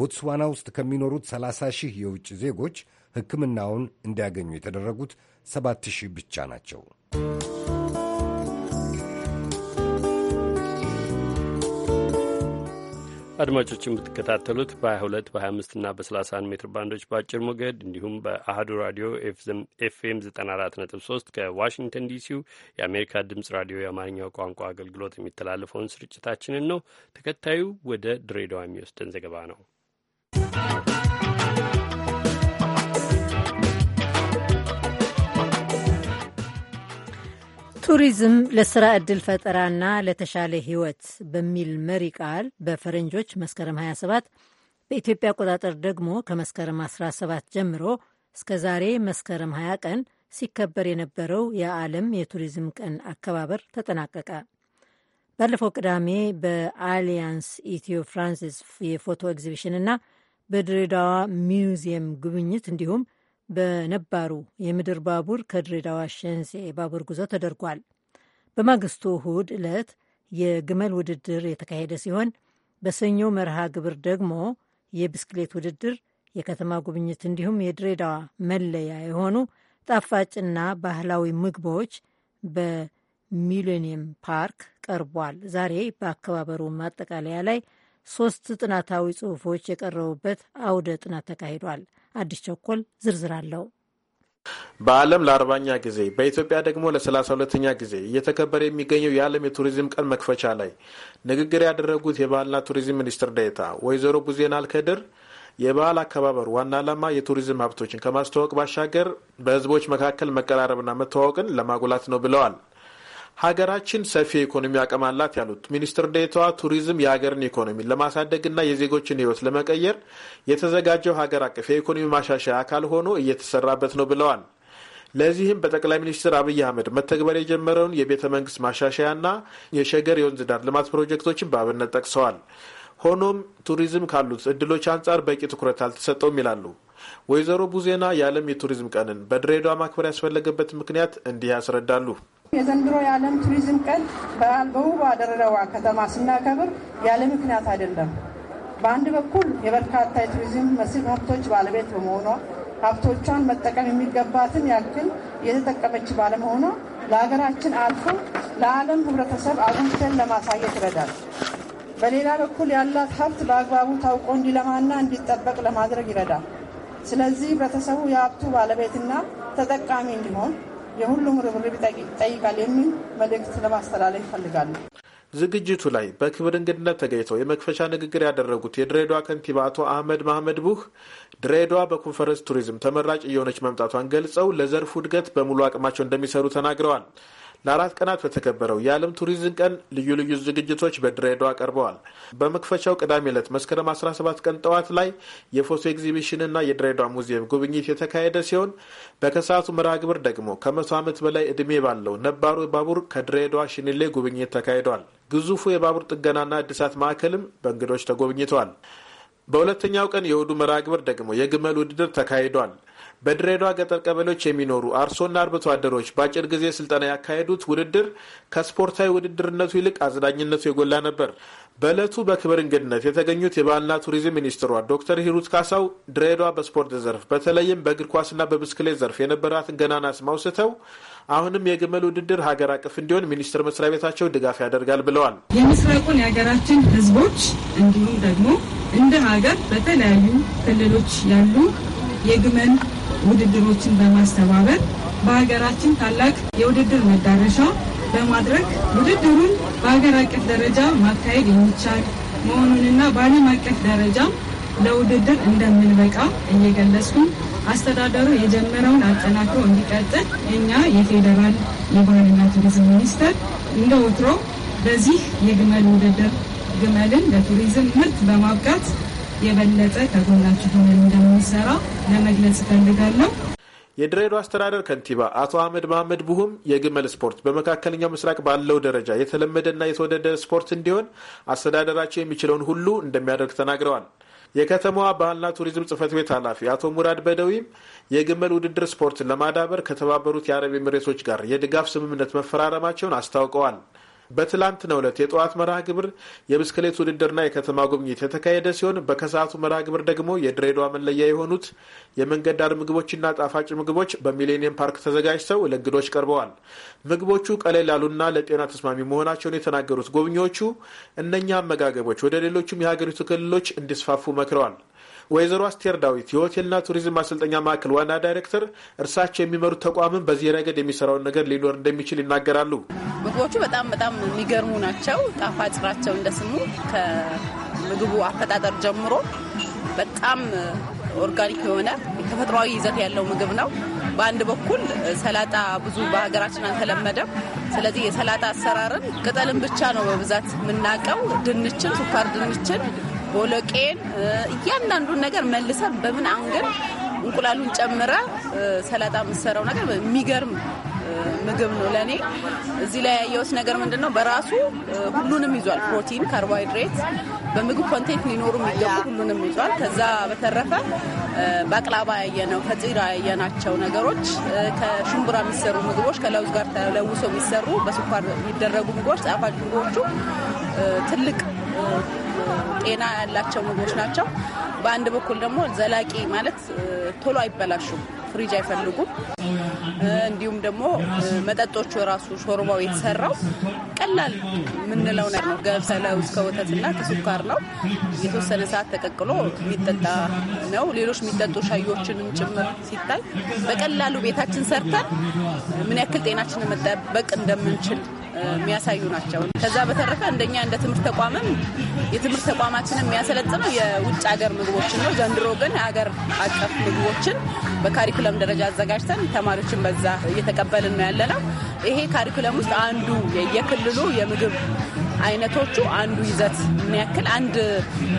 ቦትስዋና ውስጥ ከሚኖሩት 30 ሺህ የውጭ ዜጎች ሕክምናውን እንዲያገኙ የተደረጉት 7 ሺህ ብቻ ናቸው። አድማጮች የምትከታተሉት በ22 በ25ና በ31 ሜትር ባንዶች በአጭር ሞገድ እንዲሁም በአህዱ ራዲዮ ኤፍኤም 94.3 ከዋሽንግተን ዲሲው የአሜሪካ ድምፅ ራዲዮ የአማርኛው ቋንቋ አገልግሎት የሚተላለፈውን ስርጭታችንን ነው። ተከታዩ ወደ ድሬዳዋ የሚወስደን ዘገባ ነው። ቱሪዝም ለስራ ዕድል ፈጠራና ለተሻለ ህይወት በሚል መሪ ቃል በፈረንጆች መስከረም 27 በኢትዮጵያ አቆጣጠር ደግሞ ከመስከረም 17 ጀምሮ እስከ ዛሬ መስከረም 20 ቀን ሲከበር የነበረው የዓለም የቱሪዝም ቀን አከባበር ተጠናቀቀ። ባለፈው ቅዳሜ በአሊያንስ ኢትዮ ፍራንሲስ የፎቶ ኤግዚቢሽንና በድሬዳዋ ሚውዚየም ጉብኝት እንዲሁም በነባሩ የምድር ባቡር ከድሬዳዋ ሸንሴ ባቡር ጉዞ ተደርጓል። በማግስቱ እሁድ ዕለት የግመል ውድድር የተካሄደ ሲሆን በሰኞ መርሃ ግብር ደግሞ የብስክሌት ውድድር፣ የከተማ ጉብኝት እንዲሁም የድሬዳዋ መለያ የሆኑ ጣፋጭና ባህላዊ ምግቦች በሚሊኒየም ፓርክ ቀርቧል። ዛሬ በአከባበሩ ማጠቃለያ ላይ ሶስት ጥናታዊ ጽሑፎች የቀረቡበት አውደ ጥናት ተካሂዷል። አዲስ ቸኮል ዝርዝር አለው። በዓለም ለአርባኛ ጊዜ በኢትዮጵያ ደግሞ ለሰላሳ ሁለተኛ ጊዜ እየተከበረ የሚገኘው የዓለም የቱሪዝም ቀን መክፈቻ ላይ ንግግር ያደረጉት የባህልና ቱሪዝም ሚኒስትር ዴኤታ ወይዘሮ ቡዜን አልከድር የባህል አከባበር ዋና ዓላማ የቱሪዝም ሀብቶችን ከማስተዋወቅ ባሻገር በህዝቦች መካከል መቀራረብና መተዋወቅን ለማጉላት ነው ብለዋል። ሀገራችን ሰፊ የኢኮኖሚ አቅም አላት ያሉት ሚኒስትር ዴታዋ ቱሪዝም የሀገርን ኢኮኖሚ ለማሳደግና የዜጎችን ሕይወት ለመቀየር የተዘጋጀው ሀገር አቀፍ የኢኮኖሚ ማሻሻያ አካል ሆኖ እየተሰራበት ነው ብለዋል። ለዚህም በጠቅላይ ሚኒስትር አብይ አህመድ መተግበር የጀመረውን የቤተ መንግስት ማሻሻያና የሸገር የወንዝ ዳር ልማት ፕሮጀክቶችን በአብነት ጠቅሰዋል። ሆኖም ቱሪዝም ካሉት እድሎች አንጻር በቂ ትኩረት አልተሰጠውም ይላሉ ወይዘሮ ቡዜና። የዓለም የቱሪዝም ቀንን በድሬዳዋ ማክበር ያስፈለገበት ምክንያት እንዲህ ያስረዳሉ። የዘንድሮ የዓለም ቱሪዝም ቀን በዓል በውብ ድሬዳዋ ከተማ ስናከብር ያለ ምክንያት አይደለም። በአንድ በኩል የበርካታ የቱሪዝም መስህብ ሀብቶች ባለቤት በመሆኗ ሀብቶቿን መጠቀም የሚገባትን ያክል እየተጠቀመች ባለመሆኗ ለሀገራችን አልፎ ለዓለም ህብረተሰብ አጉልተን ለማሳየት ይረዳል። በሌላ በኩል ያላት ሀብት በአግባቡ ታውቆ እንዲለማና እንዲጠበቅ ለማድረግ ይረዳል። ስለዚህ ህብረተሰቡ የሀብቱ ባለቤትና ተጠቃሚ እንዲሆን የሁሉም ርብርብ ይጠይቃል የሚል መልእክት ለማስተላለፍ ይፈልጋሉ። ዝግጅቱ ላይ በክብር እንግድነት ተገኝተው የመክፈቻ ንግግር ያደረጉት የድሬዳዋ ከንቲባ አቶ አህመድ ማህመድ ቡህ ድሬዳዋ በኮንፈረንስ ቱሪዝም ተመራጭ እየሆነች መምጣቷን ገልጸው ለዘርፉ እድገት በሙሉ አቅማቸው እንደሚሰሩ ተናግረዋል። ለአራት ቀናት በተከበረው የዓለም ቱሪዝም ቀን ልዩ ልዩ ዝግጅቶች በድሬዳዋ ቀርበዋል። በመክፈቻው ቅዳሜ ዕለት መስከረም 17 ቀን ጠዋት ላይ የፎቶ ኤግዚቢሽንና የድሬዳዋ ሙዚየም ጉብኝት የተካሄደ ሲሆን በከሰዓቱ መርሃ ግብር ደግሞ ከመቶ ዓመት በላይ ዕድሜ ባለው ነባሩ ባቡር ከድሬዳዋ ሽንሌ ጉብኝት ተካሂዷል። ግዙፉ የባቡር ጥገናና እድሳት ማዕከልም በእንግዶች ተጎብኝተዋል። በሁለተኛው ቀን የእሁዱ መርሃ ግብር ደግሞ የግመል ውድድር ተካሂዷል። በድሬዳዋ ገጠር ቀበሌዎች የሚኖሩ አርሶና አርብቶ አደሮች በአጭር ጊዜ ስልጠና ያካሄዱት ውድድር ከስፖርታዊ ውድድርነቱ ይልቅ አዝናኝነቱ የጎላ ነበር። በዕለቱ በክብር እንግድነት የተገኙት የባህልና ቱሪዝም ሚኒስትሯ ዶክተር ሂሩት ካሳው ድሬዳዋ በስፖርት ዘርፍ በተለይም በእግር ኳስና በብስክሌት ዘርፍ የነበራትን ገናና ማውስተው አሁንም የግመል ውድድር ሀገር አቀፍ እንዲሆን ሚኒስቴር መስሪያ ቤታቸው ድጋፍ ያደርጋል ብለዋል። የምስራቁን የሀገራችን ህዝቦች እንዲሁም ደግሞ እንደ ሀገር በተለያዩ ክልሎች ያሉ የግመል ውድድሮችን በማስተባበር በሀገራችን ታላቅ የውድድር መዳረሻ በማድረግ ውድድሩን በሀገር አቀፍ ደረጃ ማካሄድ የሚቻል መሆኑንና በዓለም አቀፍ ደረጃ ለውድድር እንደምንበቃ እየገለጽኩም አስተዳደሩ የጀመረውን አጠናክሮ እንዲቀጥል እኛ የፌዴራል የባህልና ቱሪዝም ሚኒስቴር እንደ ወትሮ በዚህ የግመል ውድድር ግመልን ለቱሪዝም ምርት በማብቃት የበለጠ ከጎናችሁ ሆነን እንደምንሰራ ለመግለጽ እፈልጋለሁ። የድሬዳዋ አስተዳደር ከንቲባ አቶ አህመድ መሐመድ ቡሁም የግመል ስፖርት በመካከለኛው ምስራቅ ባለው ደረጃ የተለመደና የተወደደ ስፖርት እንዲሆን አስተዳደራቸው የሚችለውን ሁሉ እንደሚያደርግ ተናግረዋል። የከተማዋ ባህልና ቱሪዝም ጽህፈት ቤት ኃላፊ አቶ ሙራድ በደዊም የግመል ውድድር ስፖርትን ለማዳበር ከተባበሩት የአረብ ኤሚሬቶች ጋር የድጋፍ ስምምነት መፈራረማቸውን አስታውቀዋል። በትላንትናው ዕለት የጠዋት መርሃ ግብር የብስክሌት ውድድርና የከተማ ጉብኝት የተካሄደ ሲሆን በከሰዓቱ መርሃ ግብር ደግሞ የድሬዳዋ መለያ የሆኑት የመንገድ ዳር ምግቦችና ጣፋጭ ምግቦች በሚሌኒየም ፓርክ ተዘጋጅተው ለእንግዶች ቀርበዋል። ምግቦቹ ቀለል ያሉና ለጤና ተስማሚ መሆናቸውን የተናገሩት ጎብኚዎቹ እነኛ አመጋገቦች ወደ ሌሎቹም የሀገሪቱ ክልሎች እንዲስፋፉ መክረዋል። ወይዘሮ አስቴር ዳዊት የሆቴልና ቱሪዝም ማሰልጠኛ ማዕከል ዋና ዳይሬክተር እርሳቸው የሚመሩት ተቋምን በዚህ ረገድ የሚሰራውን ነገር ሊኖር እንደሚችል ይናገራሉ። ምግቦቹ በጣም በጣም የሚገርሙ ናቸው። ጣፋጭ ናቸው። እንደ ስሙ ከምግቡ አፈጣጠር ጀምሮ በጣም ኦርጋኒክ የሆነ ተፈጥሯዊ ይዘት ያለው ምግብ ነው። በአንድ በኩል ሰላጣ ብዙ በሀገራችን አልተለመደም። ስለዚህ የሰላጣ አሰራርን ቅጠልን ብቻ ነው በብዛት የምናውቀው። ድንችን፣ ሱካር ድንችን ቦለቄን፣ እያንዳንዱን ነገር መልሰ በምን አንገር እንቁላሉን ጨምረ ሰላጣ የምትሰራው ነገር የሚገርም ምግብ ነው። ለእኔ እዚህ ላይ ያየሁት ነገር ምንድን ነው? በራሱ ሁሉንም ይዟል። ፕሮቲን፣ ካርቦሃይድሬት በምግብ ኮንቴንት ሊኖሩ የሚገቡ ሁሉንም ይዟል። ከዛ በተረፈ ባቅላባ ያየነው ከጢራ ያየናቸው ነገሮች፣ ከሽምቡራ የሚሰሩ ምግቦች፣ ከለውዝ ጋር ተለውሶ የሚሰሩ በስኳር የሚደረጉ ምግቦች፣ ጣፋጭ ምግቦቹ ትልቅ ጤና ያላቸው ምግቦች ናቸው። በአንድ በኩል ደግሞ ዘላቂ ማለት ቶሎ አይበላሹም፣ ፍሪጅ አይፈልጉም። እንዲሁም ደግሞ መጠጦቹ ራሱ ሾርባው የተሰራው ቀላል የምንለው ነገር ነው። ገብሰ ለውዝ ከወተትና ከሱካር ነው። የተወሰነ ሰዓት ተቀቅሎ የሚጠጣ ነው። ሌሎች የሚጠጡ ሻዮችንም ጭምር ሲታይ በቀላሉ ቤታችን ሰርተን ምን ያክል ጤናችንን መጠበቅ እንደምንችል የሚያሳዩ ናቸው። ከዛ በተረፈ እንደኛ እንደ ትምህርት ተቋምም የትምህርት ተቋማችን የሚያሰለጥነው የውጭ ሀገር ምግቦችን ነው። ዘንድሮ ግን ሀገር አቀፍ ምግቦችን በካሪኩለም ደረጃ አዘጋጅተን ተማሪዎችን በዛ እየተቀበልን ነው ያለነው። ይሄ ካሪኩለም ውስጥ አንዱ የክልሉ የምግብ አይነቶቹ አንዱ ይዘት ምን ያክል አንድ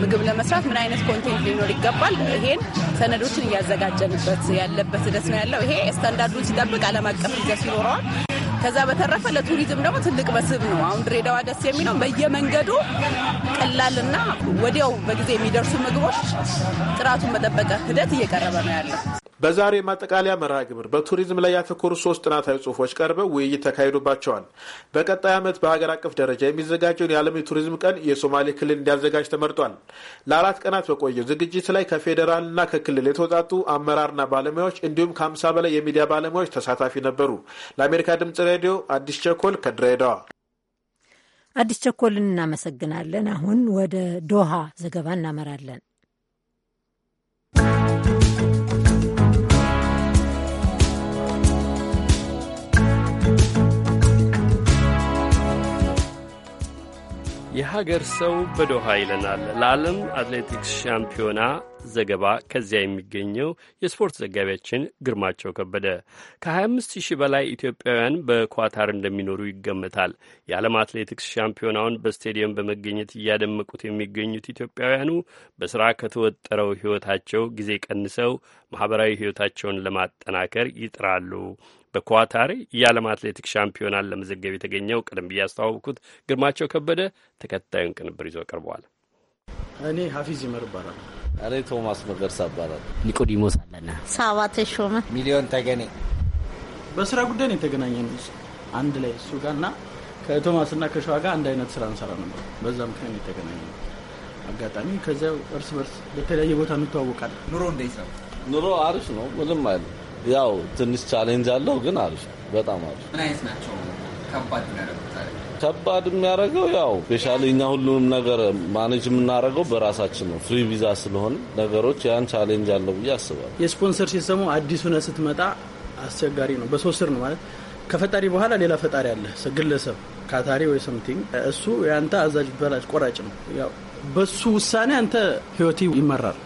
ምግብ ለመስራት ምን አይነት ኮንቴንት ሊኖር ይገባል፣ ይሄን ሰነዶችን እያዘጋጀንበት ያለበት ሂደት ነው ያለው። ይሄ ስታንዳርዱን ሲጠብቅ ዓለም አቀፍ ይዘት ይኖረዋል። ከዛ በተረፈ ለቱሪዝም ደግሞ ትልቅ መስህብ ነው። አሁን ድሬዳዋ ደስ የሚለው በየመንገዱ ቀላልና ወዲያው በጊዜ የሚደርሱ ምግቦች ጥራቱን በጠበቀ ሂደት እየቀረበ ነው ያለው። በዛሬ ማጠቃለያ መርሃ ግብር በቱሪዝም ላይ ያተኮሩ ሶስት ጥናታዊ ጽሁፎች ቀርበው ውይይት ተካሂዶባቸዋል። በቀጣይ ዓመት በሀገር አቀፍ ደረጃ የሚዘጋጀውን የዓለም የቱሪዝም ቀን የሶማሌ ክልል እንዲያዘጋጅ ተመርጧል። ለአራት ቀናት በቆየው ዝግጅት ላይ ከፌዴራልና ከክልል የተወጣጡ አመራርና ባለሙያዎች እንዲሁም ከአምሳ በላይ የሚዲያ ባለሙያዎች ተሳታፊ ነበሩ። ለአሜሪካ ድምጽ ሬዲዮ አዲስ ቸኮል ከድሬዳዋ። አዲስ ቸኮልን እናመሰግናለን። አሁን ወደ ዶሃ ዘገባ እናመራለን። የሀገር ሰው በዶሃ ይለናል። ለዓለም አትሌቲክስ ሻምፒዮና ዘገባ ከዚያ የሚገኘው የስፖርት ዘጋቢያችን ግርማቸው ከበደ። ከ25 ሺህ በላይ ኢትዮጵያውያን በኳታር እንደሚኖሩ ይገመታል። የዓለም አትሌቲክስ ሻምፒዮናውን በስቴዲየም በመገኘት እያደመቁት የሚገኙት ኢትዮጵያውያኑ በስራ ከተወጠረው ሕይወታቸው ጊዜ ቀንሰው ማኅበራዊ ሕይወታቸውን ለማጠናከር ይጥራሉ። በኳታር የዓለም አትሌቲክስ ሻምፒዮናን ለመዘገብ የተገኘው ቀደም ብዬ ያስተዋወቅኩት ግርማቸው ከበደ ተከታዩን ቅንብር ይዞ ቀርበዋል። እኔ ሀፊዝ ይመር እባላለሁ። እኔ ቶማስ መገርሳ እባላለሁ። ኒቆዲሞስ አለና ሳባ ተሾመ፣ ሚሊዮን ተገኔ። በስራ ጉዳይ ነው የተገናኘ ነው አንድ ላይ እሱ ጋር እና ከቶማስ እና ከሸዋ ጋር አንድ አይነት ስራ እንሰራ ነበር። በዛ ምክንያት ነው የተገናኘን አጋጣሚ። ከዚያ እርስ በርስ በተለያየ ቦታ እንተዋወቃለን። ኑሮ እንዴት ነው? ኑሮ አሪፍ ነው። ምንም አለ ያው ትንሽ ቻሌንጅ አለው ግን አሪፍ፣ በጣም አሪፍ። ምን አይነት ናቸው ከባድ ያደረጉ ከባድ የሚያደርገው ያው ስፔሻሊ እኛ ሁሉንም ነገር ማኔጅ የምናደርገው በራሳችን ነው። ፍሪ ቪዛ ስለሆነ ነገሮች ያን ቻሌንጅ አለው ብዬ አስባለሁ። የስፖንሰር ሲስተሙ አዲሱ ነህ ስትመጣ አስቸጋሪ ነው። በሶስት ስር ነው ማለት ከፈጣሪ በኋላ ሌላ ፈጣሪ አለ። ግለሰብ ካታሪ ወይ ሰምቲንግ እሱ ያንተ አዛዥ በላጭ ቆራጭ ነው። ያው በሱ ውሳኔ አንተ ህይወት ይመራል።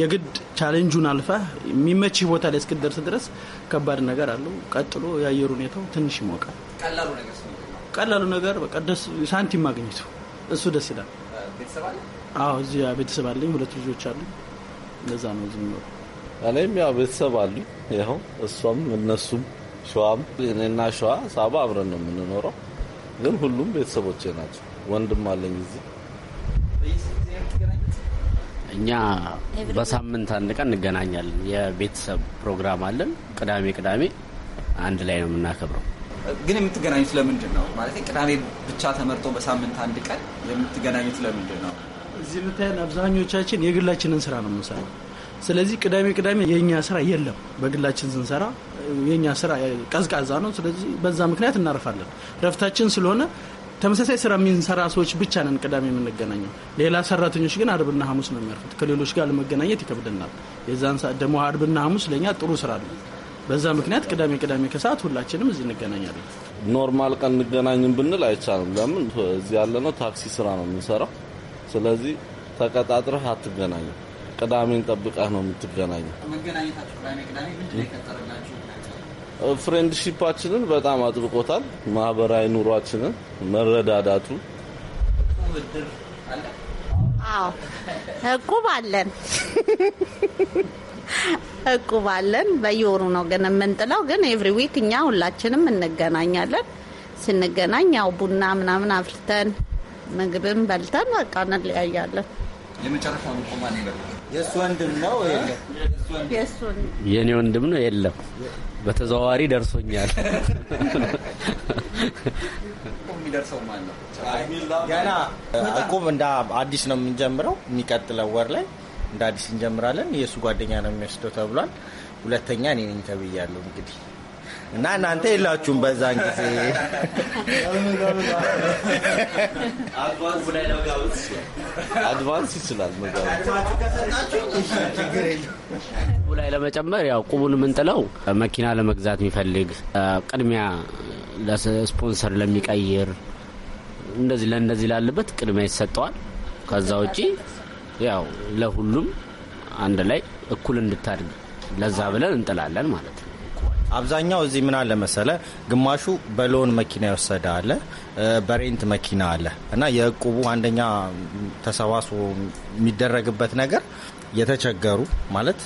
የግድ ቻሌንጁን አልፋ የሚመችህ ቦታ ላይ እስክደርስ ድረስ ከባድ ነገር አለው። ቀጥሎ የአየር ሁኔታው ትንሽ ይሞቃል። ቀላሉ ነገር በቃ ደስ ሳንቲም ማግኘቱ እሱ ደስ ይላል። አዎ እዚህ ቤተሰብ አለኝ፣ ሁለት ልጆች አሉ። እንደዛ ነው ዝም እኔም ያው ቤተሰብ አሉ፣ ይኸው እሷም እነሱም ሸዋም እኔና ሸዋ ሳባ አብረን ነው የምንኖረው። ግን ሁሉም ቤተሰቦቼ ናቸው። ወንድም አለኝ እዚህ እኛ በሳምንት አንድ ቀን እንገናኛለን። የቤተሰብ ፕሮግራም አለን። ቅዳሜ ቅዳሜ አንድ ላይ ነው የምናከብረው። ግን የምትገናኙት ለምንድን ነው? ማለት ቅዳሜ ብቻ ተመርጦ በሳምንት አንድ ቀን የምትገናኙት ለምንድን ነው? እዚህ የምታየን አብዛኞቻችን የግላችንን ስራ ነው የምንሰራው። ስለዚህ ቅዳሜ ቅዳሜ የእኛ ስራ የለም። በግላችን ስንሰራ የእኛ ስራ ቀዝቃዛ ነው። ስለዚህ በዛ ምክንያት እናርፋለን። ረፍታችን ስለሆነ ተመሳሳይ ስራ የሚንሰራ ሰዎች ብቻ ነን ቅዳሜ የምንገናኘው። ሌላ ሰራተኞች ግን አርብና ሐሙስ ነው የሚያርፉት። ከሌሎች ጋር ለመገናኘት ይከብደናል። የዛን ሰዓት ደግሞ አርብና ሐሙስ ለእኛ ጥሩ ስራ ነው። በዛ ምክንያት ቅዳሜ ቅዳሜ ከሰዓት ሁላችንም እዚህ እንገናኛለን። ኖርማል ቀን እንገናኝም ብንል አይቻልም። ለምን እዚህ ያለነው ታክሲ ስራ ነው የምንሰራው። ስለዚህ ተቀጣጥረህ አትገናኝም። ቅዳሜን ጠብቀህ ነው የምትገናኘው። ፍሬንድሺፓችንን በጣም አጥብቆታል። ማህበራዊ ኑሯችንን፣ መረዳዳቱ እቁብ አለን እቁባለን በየወሩ ነው ግን የምንጥለው። ግን ኤቭሪ ዊክ እኛ ሁላችንም እንገናኛለን። ስንገናኝ ያው ቡና ምናምን አፍልተን ምግብም በልተን በቃ እንለያያለን። የእኔ ወንድም ነው የለም፣ በተዘዋዋሪ ደርሶኛል። ገና እቁብ እንደ አዲስ ነው የምንጀምረው የሚቀጥለው ወር ላይ እንደ አዲስ እንጀምራለን የእሱ ጓደኛ ነው የሚወስደው ተብሏል። ሁለተኛ እኔ ነኝ ተብያለሁ እንግዲህ እና እናንተ የላችሁም በዛን ጊዜ አድቫንስ ይችላል ላይ ለመጨመር ያው ቁቡን የምንጥለው መኪና ለመግዛት የሚፈልግ ቅድሚያ ስፖንሰር ለሚቀይር እንደዚህ ለእንደዚህ ላለበት ቅድሚያ ይሰጠዋል። ከዛ ውጪ ያው ለሁሉም አንድ ላይ እኩል እንድታድግ ለዛ ብለን እንጥላለን ማለት ነው። አብዛኛው እዚህ ምን አለ መሰለ፣ ግማሹ በሎን መኪና የወሰደ አለ፣ በሬንት መኪና አለ እና የእቁቡ አንደኛ ተሰባስቦ የሚደረግበት ነገር የተቸገሩ ማለት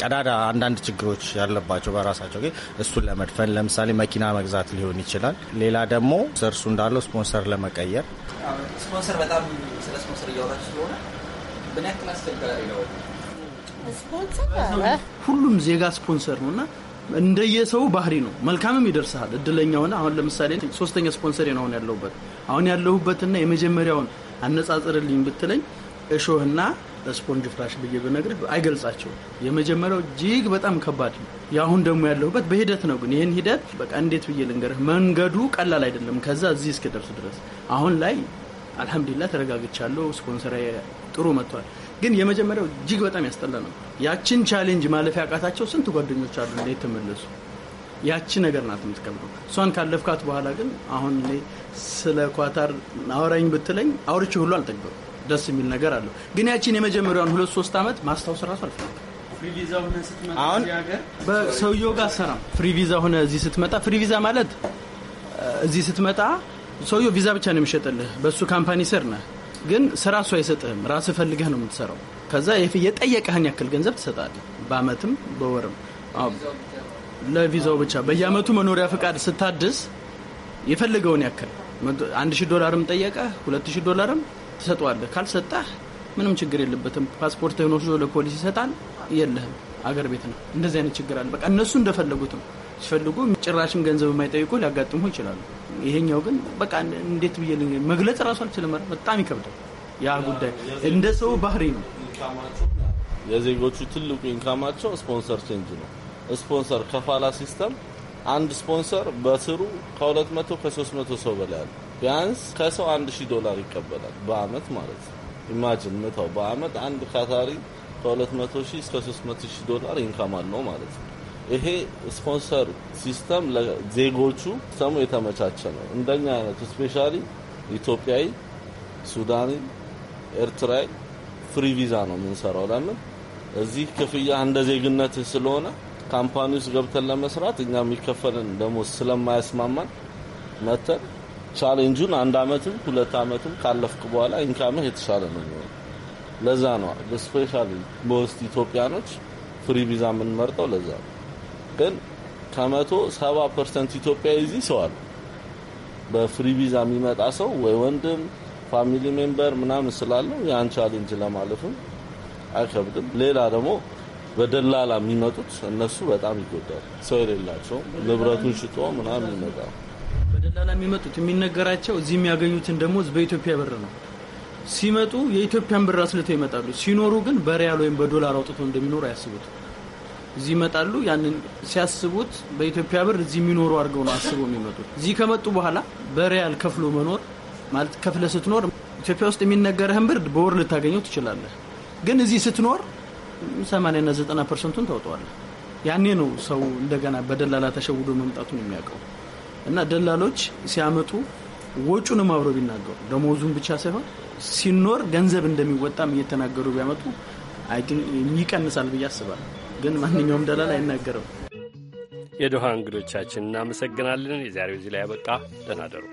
ቀዳዳ አንዳንድ ችግሮች ያለባቸው በራሳቸው ግን እሱን ለመድፈን ለምሳሌ መኪና መግዛት ሊሆን ይችላል። ሌላ ደግሞ እርሱ እንዳለው ስፖንሰር ለመቀየር ስፖንሰር በጣም ስለ ስፖንሰር እያወራችሁ ስለሆነ ምን ያክል አስቸጋሪ ነው? ሁሉም ዜጋ ስፖንሰር ነው እና እንደየሰው ባህሪ ነው። መልካምም ይደርሳል እድለኛ ሆነ አሁን ለምሳሌ ሶስተኛ ስፖንሰር ነው አሁን ያለሁበት አሁን ያለሁበትና የመጀመሪያውን አነጻጽርልኝ ብትለኝ እሾህና ስፖንጅ ፍራሽ ብዬ ብነግር አይገልጻቸው። የመጀመሪያው እጅግ በጣም ከባድ ነው። የአሁን ደግሞ ያለሁበት በሂደት ነው። ግን ይህን ሂደት በቃ እንዴት ብዬ ልንገርህ፣ መንገዱ ቀላል አይደለም። ከዛ እዚህ እስክደርስ ድረስ አሁን ላይ አልሐምዱሊላ ተረጋግቻለሁ። ስፖንሰር ጥሩ መጥቷል። ግን የመጀመሪያው እጅግ በጣም ያስጠላ ነው። ያችን ቻሌንጅ ማለፍ ያቃታቸው ስንት ጓደኞች አሉ እንዴት ተመለሱ? ያቺ ነገር ናት የምትከብደው። እሷን ካለፍካት በኋላ ግን አሁን እኔ ስለ ኳታር አውራኝ ብትለኝ አውርቼ ሁሉ አልጠግበም። ደስ የሚል ነገር አለው። ግን ያቺን የመጀመሪያውን ሁለት ሶስት ዓመት ማስታወስ ራሱ አልፈለም። አሁን በሰውየው ጋር ሰራም ፍሪ ቪዛ ሆነ እዚህ ስትመጣ ፍሪ ቪዛ ማለት እዚህ ስትመጣ ሰውየው ቪዛ ብቻ ነው የሚሸጥልህ። በእሱ ካምፓኒ ስር ነህ፣ ግን ስራ እሱ አይሰጥህም። ራስ ፈልገህ ነው የምትሰራው። ከዛ የጠየቀህን ያክል ገንዘብ ትሰጣለህ፣ በአመትም በወርም ለቪዛው ብቻ። በየአመቱ መኖሪያ ፍቃድ ስታድስ የፈለገውን ያክል አንድ ሺህ ዶላርም ጠየቀ፣ ሁለት ሺህ ዶላርም ትሰጠዋለህ። ካልሰጠህ ምንም ችግር የለበትም። ፓስፖርትህን ወስዶ ለፖሊስ ይሰጣል። የለህም፣ አገር ቤት ነው። እንደዚህ አይነት ችግር አለ። በቃ እነሱ እንደፈለጉት ሲፈልጉ ጭራሽም ገንዘብ የማይጠይቁ ሊያጋጥሙ ይችላሉ። ይሄኛው ግን በቃ እንዴት ብዬ መግለጽ ራሱ አልችልም። በጣም ይከብዳል። ያ ጉዳይ እንደ ሰው ባህሪ ነው። የዜጎቹ ትልቁ ኢንካማቸው ስፖንሰር ቼንጅ ነው። ስፖንሰር ከፋላ ሲስተም አንድ ስፖንሰር በስሩ ከ200 ከ300 ሰው በላይ አለ። ቢያንስ ከሰው 1000 ዶላር ይቀበላል በአመት ማለት ነው። ኢማጂን ምተው በአመት አንድ ካታሪ ከ200 እስከ 300 ዶላር ኢንካም አለው ማለት ነው። ይሄ ስፖንሰር ሲስተም ለዜጎቹ ሰሙ የተመቻቸ ነው። እንደኛ አይነቱ ስፔሻሊ ኢትዮጵያዊ፣ ሱዳኒ፣ ኤርትራዊ ፍሪ ቪዛ ነው የምንሰራው። ለምን እዚህ ክፍያ እንደ ዜግነት ስለሆነ ካምፓኒ ውስጥ ገብተን ለመስራት እኛ የሚከፈልን ደግሞ ስለማያስማማን መተን ቻሌንጁን አንድ አመትም ሁለት አመትም ካለፍክ በኋላ ኢንካምህ የተሻለ ነው የሚሆነ። ለዛ ነው ስፔሻሊ በውስጥ ኢትዮጵያኖች ፍሪ ቪዛ የምንመርጠው ለዛ ነው። ግን ከመቶ ሰባ ፐርሰንት ኢትዮጵያ እዚህ ሰው አለ። በፍሪ ቪዛ የሚመጣ ሰው ወይ ወንድም ፋሚሊ ሜምበር ምናምን ስላለው ያን ቻሌንጅ ለማለፍም አይከብድም። ሌላ ደግሞ በደላላ የሚመጡት እነሱ በጣም ይጎዳል። ሰው የሌላቸው ንብረቱን ሽጦ ምናምን ይመጣ። በደላላ የሚመጡት የሚነገራቸው እዚህ የሚያገኙትን ደሞዝ በኢትዮጵያ ብር ነው። ሲመጡ የኢትዮጵያን ብር አስልተው ይመጣሉ። ሲኖሩ ግን በሪያል ወይም በዶላር አውጥቶ እንደሚኖሩ አያስቡትም። እዚህ ይመጣሉ። ያንን ሲያስቡት በኢትዮጵያ ብር እዚህ የሚኖሩ አድርገው ነው አስበው የሚመጡት። እዚህ ከመጡ በኋላ በሪያል ከፍሎ መኖር ማለት ከፍለ ስትኖር ኢትዮጵያ ውስጥ የሚነገርህን ብር በወር ልታገኘው ትችላለህ። ግን እዚህ ስትኖር 80ና 90 ፐርሰንቱን ታውጠዋለህ። ያኔ ነው ሰው እንደገና በደላላ ተሸውዶ መምጣቱን የሚያውቀው እና ደላሎች ሲያመጡ ወጩንም አብሮ ቢናገሩ ደሞዙን ብቻ ሳይሆን ሲኖር ገንዘብ እንደሚወጣም እየተናገሩ ቢያመጡ ይቀንሳል ብዬ አስባለሁ። ግን ማንኛውም ደላላ አይናገረው። የዶሃ እንግዶቻችን እናመሰግናለን። የዛሬው እዚህ ላይ ያበቃ። ደህና እደሩ።